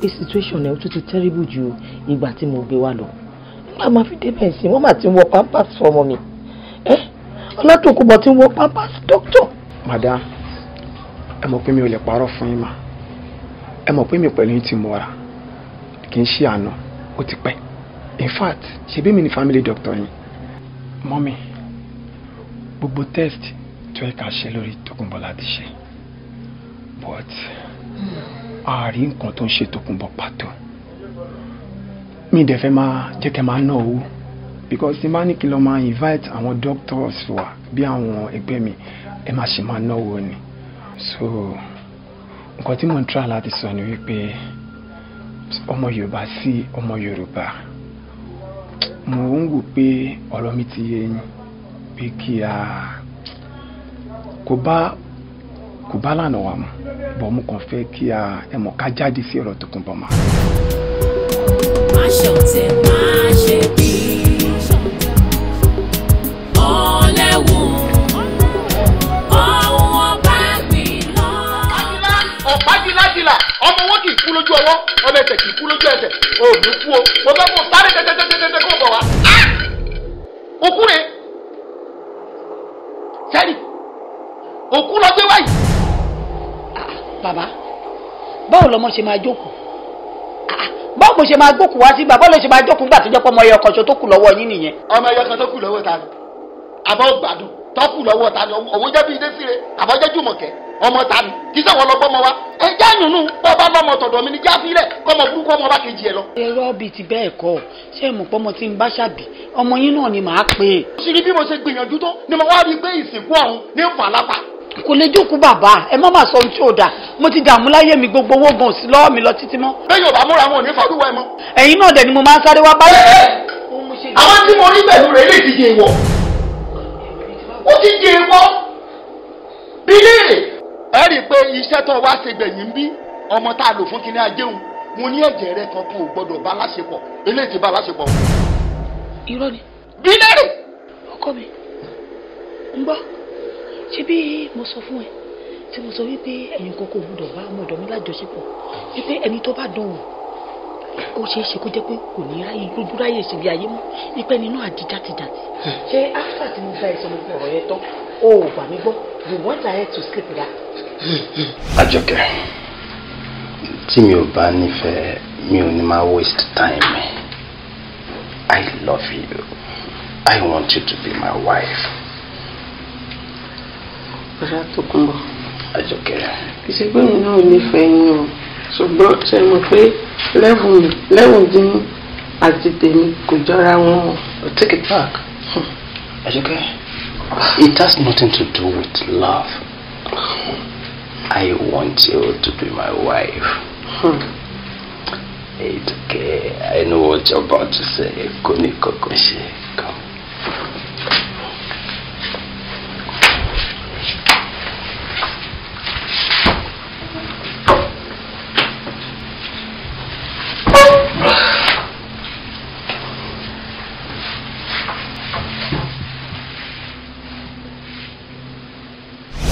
pé situation ẹ̀ ó tún ti terrible ju ìgbà tí mo gbé wa lọ nígbà máa fi débẹ̀ sí wọ́n máa ti wọ pampers fọmọ mi ẹ ọlátòkùnbọ̀ ti wọ pampers doctor. madam ẹ mọ̀ pé mi ò lè parọ́ fún yín mà ẹ mọ̀ pé mi pẹ̀lú yín ti mọ̀ra kì í ṣe àná ó ti pẹ́ in fact ṣebí mi ni family doctor yín mọ́mi gbogbo test tó yẹ ká ṣe lórí Tókunbọ̀ láti ṣe but àárí nǹkan tó ń ṣe Tòkunbọ̀ pàtó mi dẹ̀ fẹ́ máa jẹ́ kẹ́ máa ná owó because tí n ní kí lọ máa invite àwọn doctors wa bí àwọn ẹgbẹ́ mi ẹ máa ṣe máa ná owó ni so nǹkan tí mò ń try láti sọ ni wípé ọmọ Yorùbá sí ọmọ Yorùbá mo ń wò pé ọ̀rọ̀ mi ti yé yín pé kí a kò bá kò bá lànà wa mu bọ̀ mo kàn fẹ́ kí a ẹ̀mọ̀ ká jáde sí ọ̀rọ̀ tuntun bọ̀ máa. má ṣọ̀tẹ̀ má mo fẹ́ kó sáré tẹ́tẹ́tẹ́tẹ́tẹ́ ah! gbé wáyìí. Baba, báwo lọmọ ṣe máa jókòó ah, báwo mo ṣe máa gbókùú wá sí bàbá ló ṣe máa jókòó nígbà tó jẹ́ pé ọmọ ẹyọ kan ṣo tó kù lọ́wọ́ yín nìyẹn. ọmọ ẹyọ kan tó kù lọ́wọ́ ta ni àbọ̀ gbàdùn tó kù lọ́wọ́ ta ni òun jẹ́ bí ilé síre àbọ̀ jẹ́ jùmọ̀kẹ́ ọmọ ta ni kì í sọ̀wọ́ lọ́gbọ́mọ wa ẹ já nùnú bàbá lọ́mọ tọ̀dọ̀ mi ni já fílẹ̀ kọ́mọ burúkú ọmọ bá kejì ẹ lọ. ẹrọ bíi ti bẹ́ẹ̀ kọ́ ṣé ẹ mọ̀ pé ọmọ tí ń bá ṣàbí ọmọ yín náà kò lè jókòó bàbá ẹ má má sọ ohun tí ò dáa mo ti dààmú láyé mi gbogbo owó gan sí lọ́wọ́ mi lọ títí mọ́. bẹ́ẹ̀ yóò bá múra wọn ní fàdúrà mọ́. ẹ̀yin náà dẹ̀ ni mo máa ń sáré wá báyìí. àwọn tí mo rí pẹ̀lú rẹ̀ lè ti jẹ ìwọ ó ti jẹ ìwọ bílíìnì. ẹ rí i pé iṣẹ́ tó wá ṣe gbẹ̀yìn bí ọmọ tá a lò fún kinní ajéhùn mo ní ẹ̀jẹ̀ rẹ kan kó o gbọ́dọ̀ bá láṣepọ̀ eléyìí ti bá láṣepọ̀ ṣé bí mo sọ fún ẹ tí mo sọ wípé ẹ̀yin kókó gbọ́dọ̀ bá ọmọ ọ̀dọ̀ lájọṣepọ̀ wípé ẹni tó bá dán wò ó ṣeé ṣe kó jẹ́ pé kò ní ráyè lójú ráyè ṣe bí ayé mú wípé nínú àdí játijàti. ṣé áfà tí mo bá ẹ sọ ọ̀rọ̀ yẹn tán o ò mí gbọ́ you want her to sleep ra. àjọkẹ́ tí mi ò bá nífẹ̀ẹ́ mi ò ní máa waste time I love you I want you to be my wife bàbá Tókunbọ̀ Àjọkẹ́ kì í ṣe pé mi náà nífẹ̀ẹ́ yín o ṣùgbọ́n ṣe mọ̀ pé lẹ́wùn dín àti tèmi kò jọra wọn o. take it back hmm. Àjọkẹ́ it has nothing to do with love I want you to be my wife. Hmm. It's okay. I know what you're about to say. Come.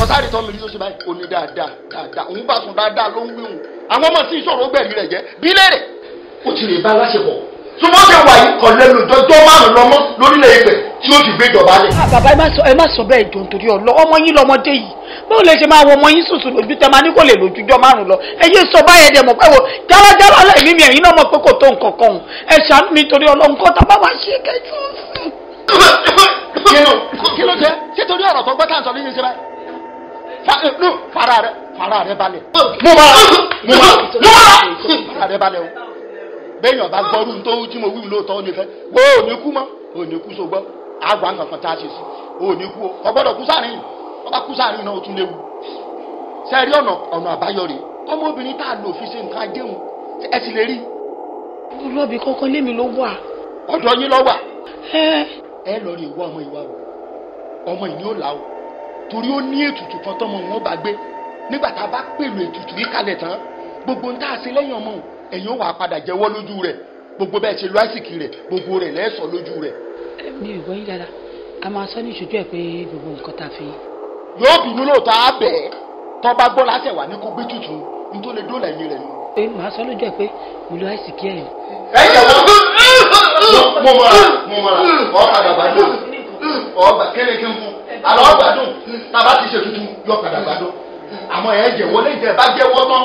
sáré tọ́ mi ní lóṣù báyìí òní dáadáa dáadáa òun bá sùn dáadáa ló ń wí òun àwọn ọmọ tí ìṣòro gbẹ̀mí rẹ̀ jẹ́ bí lẹ́rẹ̀. ó ti lè bá aláṣepọ̀ tí wà yìí kọ̀ lẹ́nu jọjọ́ márùn-ún lórílẹ̀ ibẹ̀ tí ó ti gbé ìjọba lẹ̀. Ah, bàbá ẹ má sọ bẹ́ẹ̀ jọ nítorí ọ̀lọ́ ọmọ yín lọmọdé yìí báwo lè ṣe máa wọ ọmọ yín sùsù lójú tẹ máa ní kò lè lójújọ́ márùn lọ ẹ sọ báyẹn dẹ̀ mọ̀ pé wo jálájálá lẹ́mí mi ẹ̀yin náà mọ̀ pé kò tó nǹkan kan o ẹ ṣàánú mi torí ọlọ́ nǹkan tá a bá máa ṣe kẹ́tù. kí ló jẹ́ ṣé torí ọ̀rọ̀ tó gbọ́ fara rẹ fara rẹ balẹ̀ mo ma mo ma mo ma fara rẹ balẹ̀ o bẹ́ẹ̀ yàn bá gbọ́rú tó tí mo wí mi lóòótọ́ ní fẹ́ wo ò ní kú mọ́ ò ní kú sógbọ́ àgbà nǹkan tá a ṣe sí ò ní kú o ọgbọ́dọ̀ kú sáàrin yìí ọba kú sáàrin náà ó tún léwu sẹ́ẹ̀rí ọ̀nà ọ̀nà àbáyọrè ọmọbìnrin tá a lò fi ṣe nǹkan ajéhùn ẹ sì lè rí. olóòbí kankan lémi ló wà. ọ̀dọ̀ yín ló wà. ẹ lọ rí ìwọ ọmọ ìwà o ọmọ ìní ò là o torí ó ní ètùtù kan tọmọ wọn bá gbé nígbà tá a bá pèlò ètùtù yìí kalẹ̀ tán gbogbo ń tá a ṣe lẹ́yìn ọmọ ẹ̀yìn ó wà padà jẹ́wọ́ lójú rẹ̀ gbogbo bẹ́ẹ̀ ṣe lọ́àsìkì rẹ̀ gbogbo rẹ̀ lẹ́sọ̀ lójú rẹ̀. mi ò gbọ́ yín dáadáa a máa sọ ní ìṣojú ẹ pé gbogbo nǹkan tá a fi. yóò bínú lóòótọ́ á bẹ̀ ẹ́ tọ́ bá gbọ́ láṣẹ wà ní kó gbé tutù ní tó lè dóòlà ẹ̀yìn rẹ̀ nù. ẹ máa sọ lójú ẹ pé mo lọ àìsìkí ẹ̀yìn. ẹ yẹ wọ́n mo mọ̀ra mo mọ̀ra ọ̀ọ́ padà bá dùn ọ̀ọ́ bà kéré kí n kú. àlọ́ gbádùn tàbá ti ṣe tuntun yọ padà gbádùn àmọ́ ẹ̀ jẹ̀wọ́ bá jẹ́wọ́ tán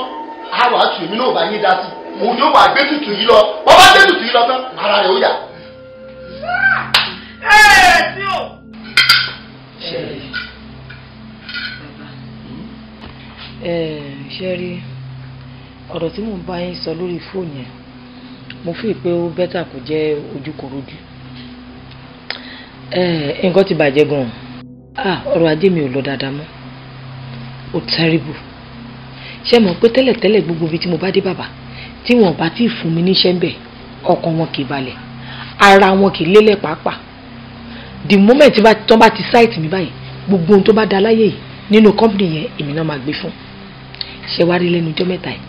àrò àtúnyẹ̀ mi náà bá yín dá sí òun wà gbé tutù yìí lọ wọ́n bá gbé lọ tán ara rẹ̀ ó yà. ṣe ọ̀rọ̀ tí mò ń bá sọ lórí fóònù yẹn mo fi pé ó bẹ́tà jẹ́ ojúkòròdú nǹkan ti bàjẹ́ gan ah ọrọ̀ ajé mi ò lọ dáadáa mọ́ ó tẹ́rìbù ṣé mọ̀ pé tẹ́lẹ̀tẹ́lẹ̀ gbogbo ibi tí mo bá dé bàbá tí wọn bá ti fún mi níṣẹ́ bẹ́ẹ̀ ọkàn wọn kì í balẹ̀ ara wọn kì í lélẹ̀ pàápàá the moment tán bá ti sáìtì mi báyìí gbogbo ohun tó bá da láyé yìí nínú kọ́mpìnì yẹn èmi náà máa gbé fún ṣé wá rí lẹ́nu ọjọ́ mẹ́ta yìí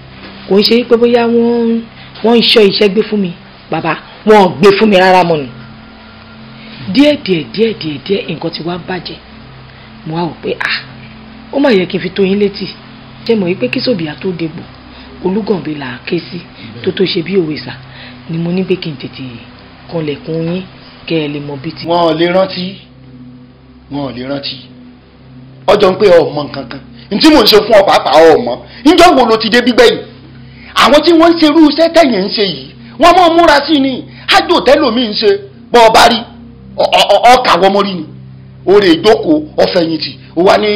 kò ń ṣe pé bóyá wọ́n wọ́n ń ṣọ́ iṣẹ́ gbé fún mi bàbá wọn ò gbé fún mi rárá mọ́ ni díẹ̀ díẹ̀ díẹ̀ nǹkan ti wá bàjẹ́ mo wá wò pé ah ó mà yẹ kí n fi tó yín létí ṣé mọ̀ pé kí sòbíà tó dégbò olúgànbí là á ké sí tó tó ṣe bí òwe sà ni mo ní pé kí n tètè kanlẹ̀kùn yín kẹ́ ẹ lè mọ bí ti. wọn ò lè rántí wọn ò lè rántí ọjọ́ ń pé ọmọ nǹkan kan ntí mò ń ṣe fún ọ pàápàá ọmọ níjọ́ wo ló ti dé bíbẹ́ yìí àwọn tí wọ́n ń ṣerú iṣẹ́ tẹ̀yìn ń ṣe yìí wọ́n mọ̀ múra sí ni ájò tẹ́lòmíì ń ṣe bọ́ ọ bá rí ọkà wọ́n mọ́rí ni orí ìjókòó ọ̀fẹ̀yìntì ó wá ní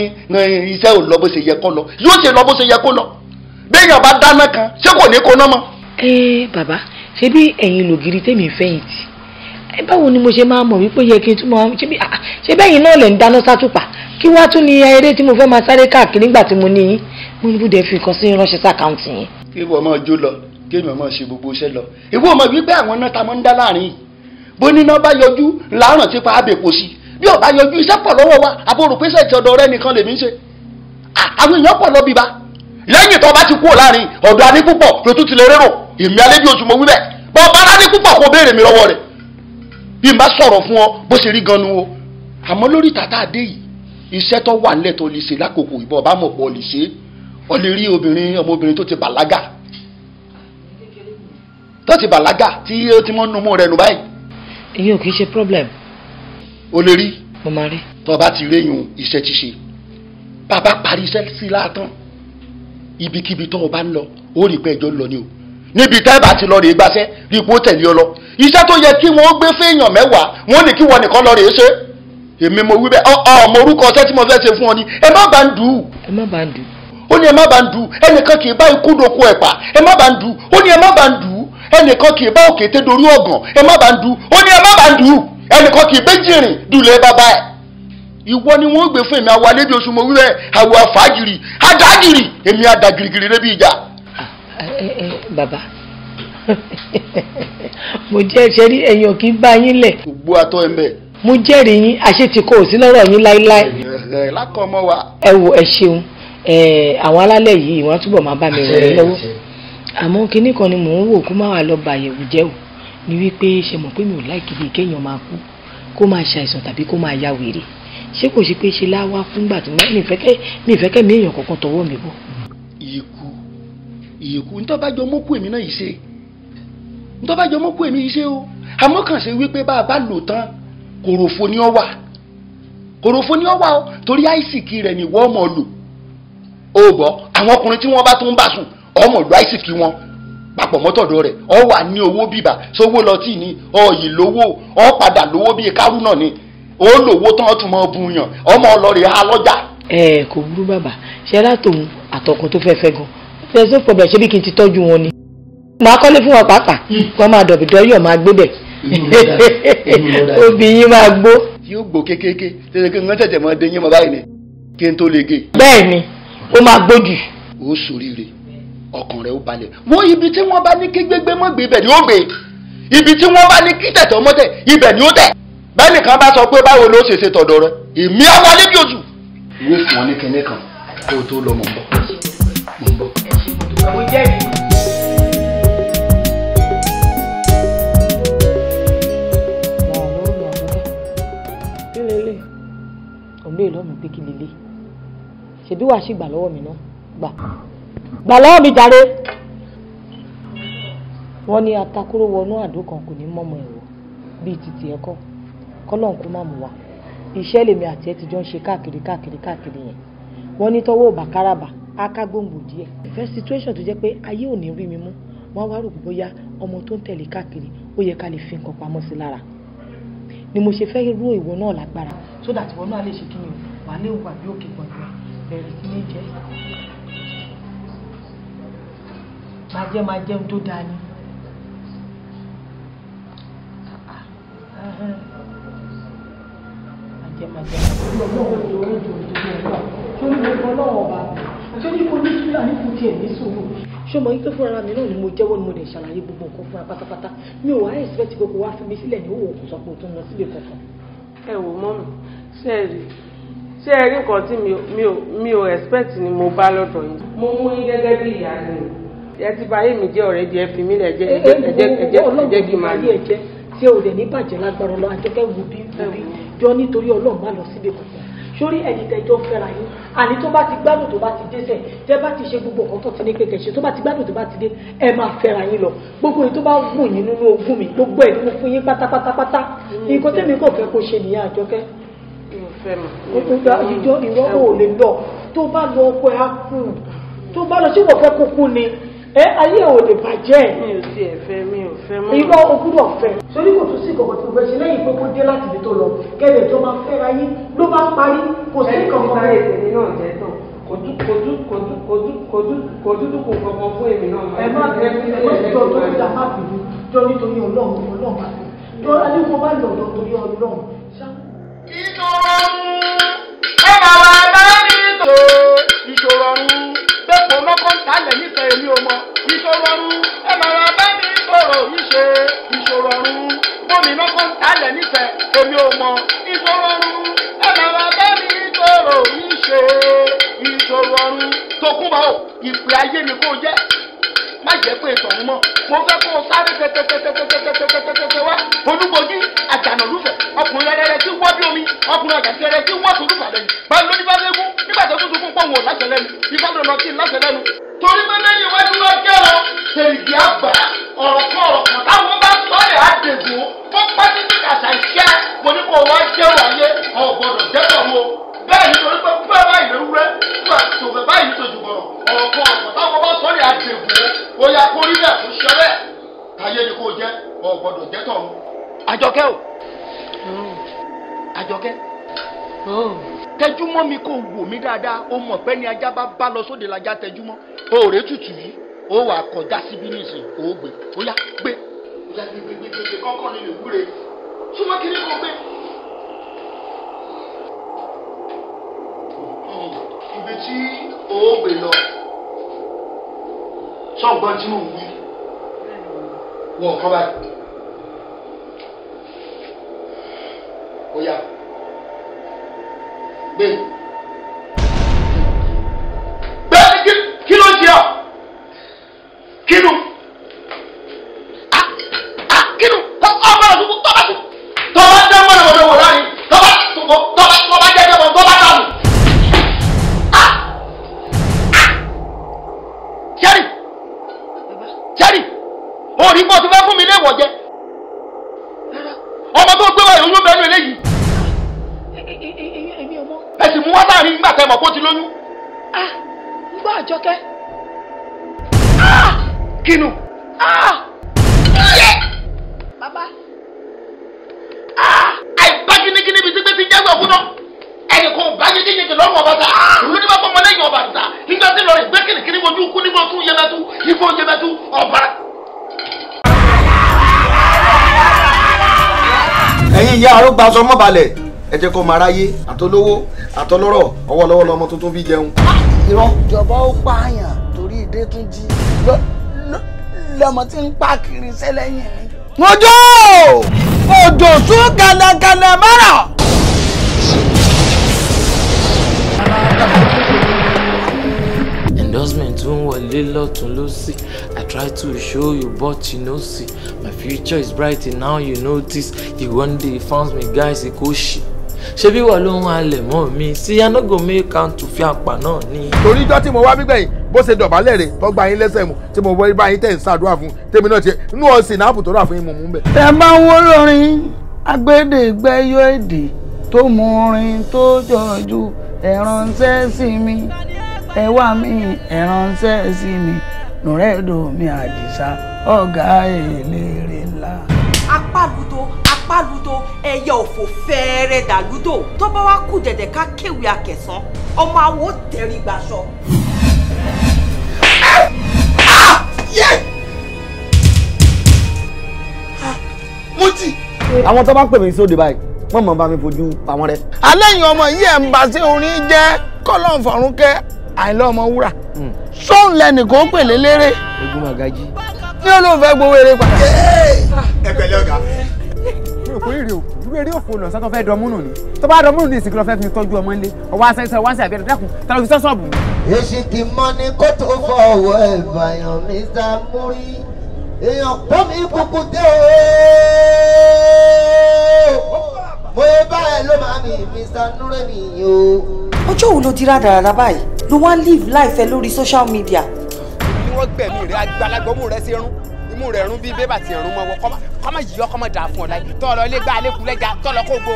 iṣẹ́ ò lọ bó ṣe yẹ kó lọ yóò ṣe lọ bó ṣe yẹ kó lọ béèyàn bá dáná kan ṣé kò ní kóná mọ́. ẹ bàbá ṣé bí ẹ̀yin lògiri tèmi fẹ̀yìntì ẹ báwo ni mo ṣe máa mọ̀ wípé yẹ kí n tún máa ṣe bẹ́yìn náà lẹ̀ ń dáná sátúpà kí wá tún ni eré tí mo fẹ́ máa sáré káàkiri nígbà tí mo ní yín mo ní bùdẹ̀ fi nǹkan sí ránṣẹ́ sàkáǹtì yín. kí wọ́n máa jó lọ kí èèyàn máa ṣe gbogbo iṣẹ́ lọ ìwọ ọmọ wípé àwọn náà ta máa ń dá láàrin yìí bó níná bá yọjú làárọ̀ tí pa ábẹ́pọ̀ sí i bí ọba yọjú iṣẹ́ pọ̀ lọ́wọ́ wa àbúrò pèsè ti ọ̀dọ̀ rẹ nìkan lèmi ń ṣe àwọn èèyàn pọ̀ lọ́bìbá lẹ́yìn tó bá ti kúrò láàrin ọ̀dọ̀ adé púpọ̀ ló tún ti lè rérò èmi alẹ́ bí oṣù mo wí bẹ́ẹ̀ bọ́ ọba aládé púpọ̀ kò béèrè mi lọ́wọ́ rẹ̀ bí n bá sọ̀rọ̀ fún ọ bó ṣe rí gan nu o àmọ́ lórí tàtà adé yìí iṣẹ́ tó wà nílẹ̀ tó lè ṣe lákòókò ìbọn ọba mọ̀ pọ̀ lè ṣe ọ lè rí obìnrin ọmọbìnrin tó ti bàlágà tó ti bàlágà tí ó ti mọ́ numú rẹ̀ nù báyìí. èyí ò kì í ṣe problem o lè rí. mo máa rí. tó o bá ti réyìn iṣẹ́ ti ṣe bàbá parí iṣẹ́ sí láàtàn ibikíbi tó o bá ń lọ ó rí pé ẹjọ́ ń lọ ni o níbi tá ẹ bá ti lọ rèé gbaṣẹ́ rí ipò tẹ̀lé ọ lọ iṣẹ́ tó yẹ kí wọ́n gbé fẹ́yàn mẹ́wàá wọ́n ní kí wọ́n nìkan lọ rèé ṣe èmi mo wí bẹ́ẹ̀ ọ ọmọ orúkọ ọṣẹ́ tí mo fẹ́ ṣe fún ọ ni ẹ má bá ń dùn. ẹ má bá ń dùn. ó ní ẹ má bá ń dùn ẹnìkan kì í bá ikú doko ẹ̀pà ẹ má bá ń dùn ó ní ẹ má bá ń dùn ẹnìkan kì í bá òkété dorí ọ̀gàn ẹ má bá ń dùn ó ní ẹ má bá ń dùn. ẹnìkan kì í méjì rìn dùlẹ̀ bàbá ẹ̀ ìwọ ni wọ́n gbé fún èmi àwa lébi oṣù mo wí àwọ̀ àfàgìrì àdàgìrì èmi àdàgìrìgìrì lébi ìjà. bàbá mo jẹ́ ṣe rí ẹ̀yàn kì bá yín lẹ̀. gbogbo àtọ́ mẹ́. mo yín lọ́rọ̀ yín láéláé. ẹ wa. ẹ wo ẹ ṣeun àwọn alálẹ̀ yìí túbọ̀ máa bá mi lọ́wọ́ àmọ́ kinní kan ni mò ń wò kó má lọ bàyẹ̀wò ni wípé ṣe mọ̀ pé mi ò láìkí bíi kéèyàn máa kú kó máa ṣàìsàn tàbí kó máa ya wèrè ṣé kò sí pé ṣe láwá fúngbà tí mi ìfẹ́kẹ́ mi ìfẹ́kẹ́ mi èèyàn kankan tọwọ́ mi bọ̀. ìyẹ̀kù ìyẹ̀kù ní tó bá jọ mọ́kù èmi náà yìí ṣe ní tó bá jọ mọ́kù èmi yìí ṣe o àmọ́ kàn ṣe wípé bá a bá lò tán kòròfo ni ọ wà kòròfo ni ọ wà o torí àìsìkì rẹ̀ ni wọ́n mọ̀ lò ó bọ̀ àwọn ọkùnrin tí wọ́n bá tún bá sùn ọmọ ìlú àìsìkì wọn papọ̀ mọ́tọ̀dọ̀ rẹ̀ ọ wà ní owó bíbà sówó lọtí ni ọyì lówó ọ padà lówó bíi kárú náà ni ó lówó tán tún mọ́ buyàn ọmọ ọlọ́rẹ̀ ha lọ́jà. ẹ kò burú bàbá ṣe látòun àtọkùn tó fẹ́ẹ́ fẹ́ gan ṣe tó pọ̀ bẹ̀ ṣe bí kí n ti tọ́jú wọn ni. mo akọ́lé fún wọn pàápàá hmm. wọn máa dọ̀bì dọ́yọ̀ máa gbé bẹ̀ obìnrin máa gbó. yóò gbó kékeré tẹ̀sán kí n tẹ̀tẹ̀ mọ́ de yín mọ́ báyìí ni ọkàn rẹ ó balẹ̀ wo ibi tí wọ́n bá ní kí gbégbé mọ́ gbé ibẹ̀ ni ó gbé ibi tí wọ́n bá ní kí tẹ̀tọ̀ mọ́ tẹ̀ ibẹ̀ ni ó tẹ̀ bẹ́ẹ̀ nìkan bá sọ pé báwo ló ṣe ṣe tọ̀dọ̀ rẹ èmi àwọn alẹ́bí oṣù. ìwé fún ọ ní kinní kan kó o tó lọ mọ̀ bọ̀ mọ̀ bọ̀. mo jẹ́rìí. ọ̀gbẹ́ ìlọ́mi pé kí lélẹ̀ ṣèbí wàá ṣì gbà lọ́wọ́ mi náà gbà gbà lọ́wọ́ mi jàre. wọ́n ní atakúrò wọnú àdó kan kò ní mọ́mọ́ ẹ̀rọ bíi títì ẹ̀kọ́ kọ́lọ́n kó mú wa iṣẹ́ lèmi àti ẹ̀ ti jọ ń ṣe káàkiri káàkiri káàkiri yẹn wọ́n ní tọ́wọ́ bàkáràbà aká gbòǹgbò díẹ̀ ìfẹ́ situation tó jẹ́ pé ayé ò ní rí mi mú wọ́n wá rò bóyá ọmọ tó ń tẹ̀lé káàkiri ó yẹ ká lè fi nǹkan pamọ́ sí lára ni mo ṣe fẹ́ rú ìwọ náà lágbára so that ìwọ náà lè ṣe kí ni wàá lè wà bí òkè gbọ̀ngàn bẹ̀rẹ̀ sí ní jẹ́ máa jẹ́ máa jẹun tó dáa ni. ṣọmọ yìí pé fúnra mi náà ni mo jẹ́wọ́ ni mo lè ṣàlàyé gbogbo nǹkan fúnra pátápátá mi ò wá ẹ̀sìpẹ́tì pé kò wá fi mi sílẹ̀ ní òwò òkùnsọ̀ pé òtún lọ sílé kankan. ẹ wò mọ́nà ṣé ẹ rí ṣé ẹ rí nǹkan tí mi ò mi ò ẹ̀sìpẹ́tì ni mo bá lọ́dọ̀ yìí. mo mú yín gẹ́gẹ́ bí ìyá ni ẹ ti bá èmi jẹ́ ọ̀rẹ́ jẹ́ fi mí lẹ̀ jẹ́ ẹ̀jẹ̀ eh, eh, kí n máa lò. tí o dẹ̀ ní bàjẹ́ lágbára lọ àjọkẹ́ wù bí wù bí jọ nítorí ọlọ́run má lọ síbi kankan sórí ẹni tẹjọ fẹ́ra yín àní tó bá ti gbádùn tó bá ti dé sẹ tẹ bá ti ṣe gbogbo ọkàn tó ti ní kékeré ṣe tó bá ti gbádùn tó bá ti dé ẹ máa fẹ́ra yín lọ gbogbo èyí tó bá wù yín nínú ogún mi gbogbo ẹ ní mo fún yín pátápátápátá nǹkan tẹ́mi kò fẹ́ kó ṣe nìyẹn àjọkẹ́. ìjọ ìwọ ò lè lọ tó bá lọ ọkọ ẹ á kú tó bá lọ sí ìwọ fẹ́ kó kú ni ẹ ayé ò lè bàjẹ́. mi ò tiẹ̀ fẹ́ mi ò fẹ́ mọ́. irọ́ o gbúdọ̀ fẹ́. sórí kò tún sí ìkọ̀kọ̀ tó fẹ́ ṣe lẹ́yìn pé kó dé láti ibi tó lọ kẹ́lẹ̀ tó máa fẹ́ ra yín ló bá parí kò sí kankan. ẹ ti bá kojú kojú kojú kojú kojú kojú dúkù kankan fún èmi náà. ẹ má bẹ ẹ má jọ tó ń dà má bìbí jọ nítorí Ọlọ́run Ọlọ́run má bìbí jọ adéwọ bá lọ lọ torí Ọlọ́run. ìṣòro ọ̀run ẹ̀ bàbá bá mi tó ìṣòro ọ̀run dépò mọ́kàntálẹ̀ nífẹ̀ẹ́ èmi ò mọ̀ ìṣòro ọ̀run ẹ bàbá bá mi kòrò ìṣe ìṣòro ọ̀run bómi mọ́kàntálẹ̀ nífẹ̀ẹ́ èmi ò mọ̀ ìṣòro ọ̀run ẹ bàbá bá mi kòrò ìṣe ìṣòro ọ̀run tó o, bá ò ìpè ayé mi kò jẹ́ má jẹ́ pé ìtọ̀hún mọ́ mo fẹ́ kó o sáré tẹ́tẹ́tẹ́tẹ́tẹ́tẹ́tẹ́tẹ́ wá olúbojú àjànàlúfẹ̀ ọkùnrin rẹ̀rẹ̀ tí wọ́ bí omi ọkùnrin àjàtì rẹ̀ tí wọ́ tó lùfà lẹ́nu báwo ló ní bá fẹ́ kú nígbà tó tún tún fún pọ̀wọ̀ láṣẹ lẹ́nu ifá lọ́nà kí n láṣẹ lẹ́nu torí pé lẹ́yìn iwájú lọ jẹ́ ọ tèrìdì àgbà ọ̀rọ̀ kan ọ̀rọ̀ kan táwọn bá sọ ẹ̀ á dègbò ó pẹ́ títí kàṣà ìṣẹ́ mo ní kó wá jẹ́ wáyé ọ̀gbọ̀dọ̀ jẹ́ pọ̀ mo bẹ́ẹ̀ ni torí pé púpẹ́ báyìí ló wúrẹ́ púpẹ́ tòbẹ́ báyìí tó jù bọ̀rọ̀ ọ̀rọ̀ kan ọ̀pọ̀ táwọn bá sọ ní àdègùn ó yà kó rí bẹ́ẹ̀ kó ṣe bẹ́ẹ̀ táyé ni kò jẹ́ ọ̀gbọ́dọ̀ jẹ́ tọ̀run. àjọkẹ́ o àjọkẹ́ tẹjúmọ́ mi kò wò mí dáadáa o mọ̀ pé ni ajá bá bá lọ sóde lajá tẹjúmọ́ òòrè tutù yìí ó wà kọjá síbi nísìn ó gbé ó yá gbé. ó yá gbé gbé gbé kọ́kọ́ nínú ìwúre súnmọ́ kí ni kò gbé. ibi tí o gbé lọ sọgbọn tí mo wí wọn kọ báyìí ó yà gbé gbé kí ló jẹ ọ kí ló. kinu tọba tọba tọba tọba tọba tọba tọba tọba tẹ́ mọ̀ kó ti lóyún. ah ń gbọ́ àjọkẹ́. ah kinu. ah yẹ. bàbá. ah àìbá kínníkínní bíi sígbésí jẹ́gbẹ́ òkú náà ẹnì kan bá yéjé yéjé lọ́rùn ọba ta ah! ìlú ní bá fọmọ lẹ́yìn ọba ta nígbà tí lọ́rùn ìgbẹ́ kínníkínní mojú kú nígbà tún yẹmẹtú ìfọ̀ yẹmẹtú ọba. ẹ̀yin ìyá arúgbó aṣọ mọ́balẹ̀ ẹ jẹ́ kó máa ráyé àtolówó àtọlọ́rọ̀ ọwọ́ lọ́wọ́ lọ́mọ tuntun fi jẹun. irọ́ ìjọba ó pààyàn torí ìdè tún jí lọ́mọ tí ń pa kiri sẹ́lẹ̀yìn mi. mojó òjò sún kàlàkàlà mọ́rà. endorsement tún wọlé lọ́tún lọ́sì i try to show you but you no see my future is bright and now you notice you one day found me guys go shit ṣé bí wọ́n ló ń halẹ̀ mọ́ mi sí yánágò kan tún fi àpà náà ní. torí ijọ́ tí mo wá gbígbẹ̀yìn bó ṣe dọ̀bálẹ̀ rẹ̀ tó yín lẹ́sẹ̀ mu tí mo wọlé báyìí tẹ̀ ń ṣàdúrà fún tèmi náà tiẹ̀ inú ọ̀sìn náà àbùtọ́ rà fún yín mo mú bẹ̀. ẹ máa ń wó lórin agbẹ́dẹ́gbẹ́yọ èdè tó mú orin tó jọjú ẹ̀ránṣẹ́ sí mi ẹ̀wá mi ẹ̀ránṣẹ́ sí mi nùrẹ́dùn mi àdìsá ọ̀gá èlé rẹ̀ ńlá. apá àbùtọ́ bá ludo ẹyẹ òfò fẹ́ẹ́rẹ́ dà ludo tó bá wá kù dẹ̀dẹ̀ ká kéwì akẹ̀sán ọmọ àwo tẹ̀rí gbaṣọ. mọ́tì. àwọn tó bá pè mí sóde báyìí wọ́n mọ̀ bá mi fojú àwọn rẹ. alẹ́yìn ọmọ yìí ẹ̀ ń bá sí orin jẹ́ kọ́lọ́n fọ̀rúnkẹ́ àìlọ́ ọmọ wúrà sóun hmm. lẹ́nìkan pè lélẹ́rẹ́. egun magaji. ní olóòfẹ́ gbowó eré padà. ẹ pẹ̀lẹ́ ọ̀gá òkú rírì òkú irú eré òkú lọ sọ́tọ́ fẹ́ dọmúnù ni tó bá dọmúnù ní ìsìnkú lọ fẹ́ fi tọ́jú ọmọ ńlé ọwọ́ asẹ́sẹ́ wá sí àbí ẹ̀dá kù tá ló fi sọ́sọ́ èsì kì mọ ni kó tó fọ ọwọ́ mi sá múrí èèyàn pọ́ mi kúkú dé o mo yẹ báyìí ló máa mi Mr. Nuremi o. ọjọ́ wo ló di rádaràda báyìí ló wá live life ẹ lórí social media. ni wọ́n gbẹ̀mí rẹ̀ àgbàlagbọ́mù rẹ̀ ṣe rún imú rẹ̀ rún bí bébà ti rún mọ́wọ́ kọ́mọ yìí ọkọ́ mọ̀ dà fún ọ láyé tọ́lọ ilé gbá alẹ́ kulẹ̀ já tọ́lọ kó gbó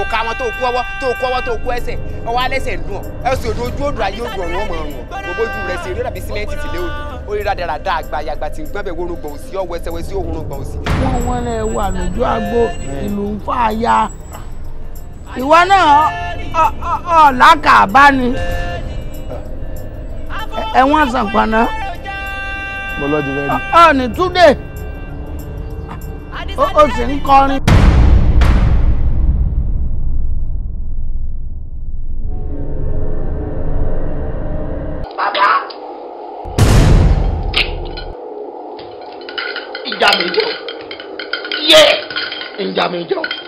òkà wọn tó kú ọwọ́ tó kú ọwọ́ tó kú ẹsẹ̀ ọwọ́ alẹ́sẹ̀ ń dùn ọ ẹsẹ̀ odò ojú odò ayé odò ọ̀run ọmọ ọ̀run gbogbo ojú rẹ̀ sí eré dàbí símẹ́ǹtì ti lé odò ó rí rádaràdà àgbàyàgbà tí gbọ́n bẹ̀ wóró gbọ̀n sí ọwọ́ ẹsẹ̀ wẹ́sí òwúrò mo lọ jẹ lẹ́rìí. ọ̀ọ́nì túndé ó sì ń kọrin. ìjà Yeah, yé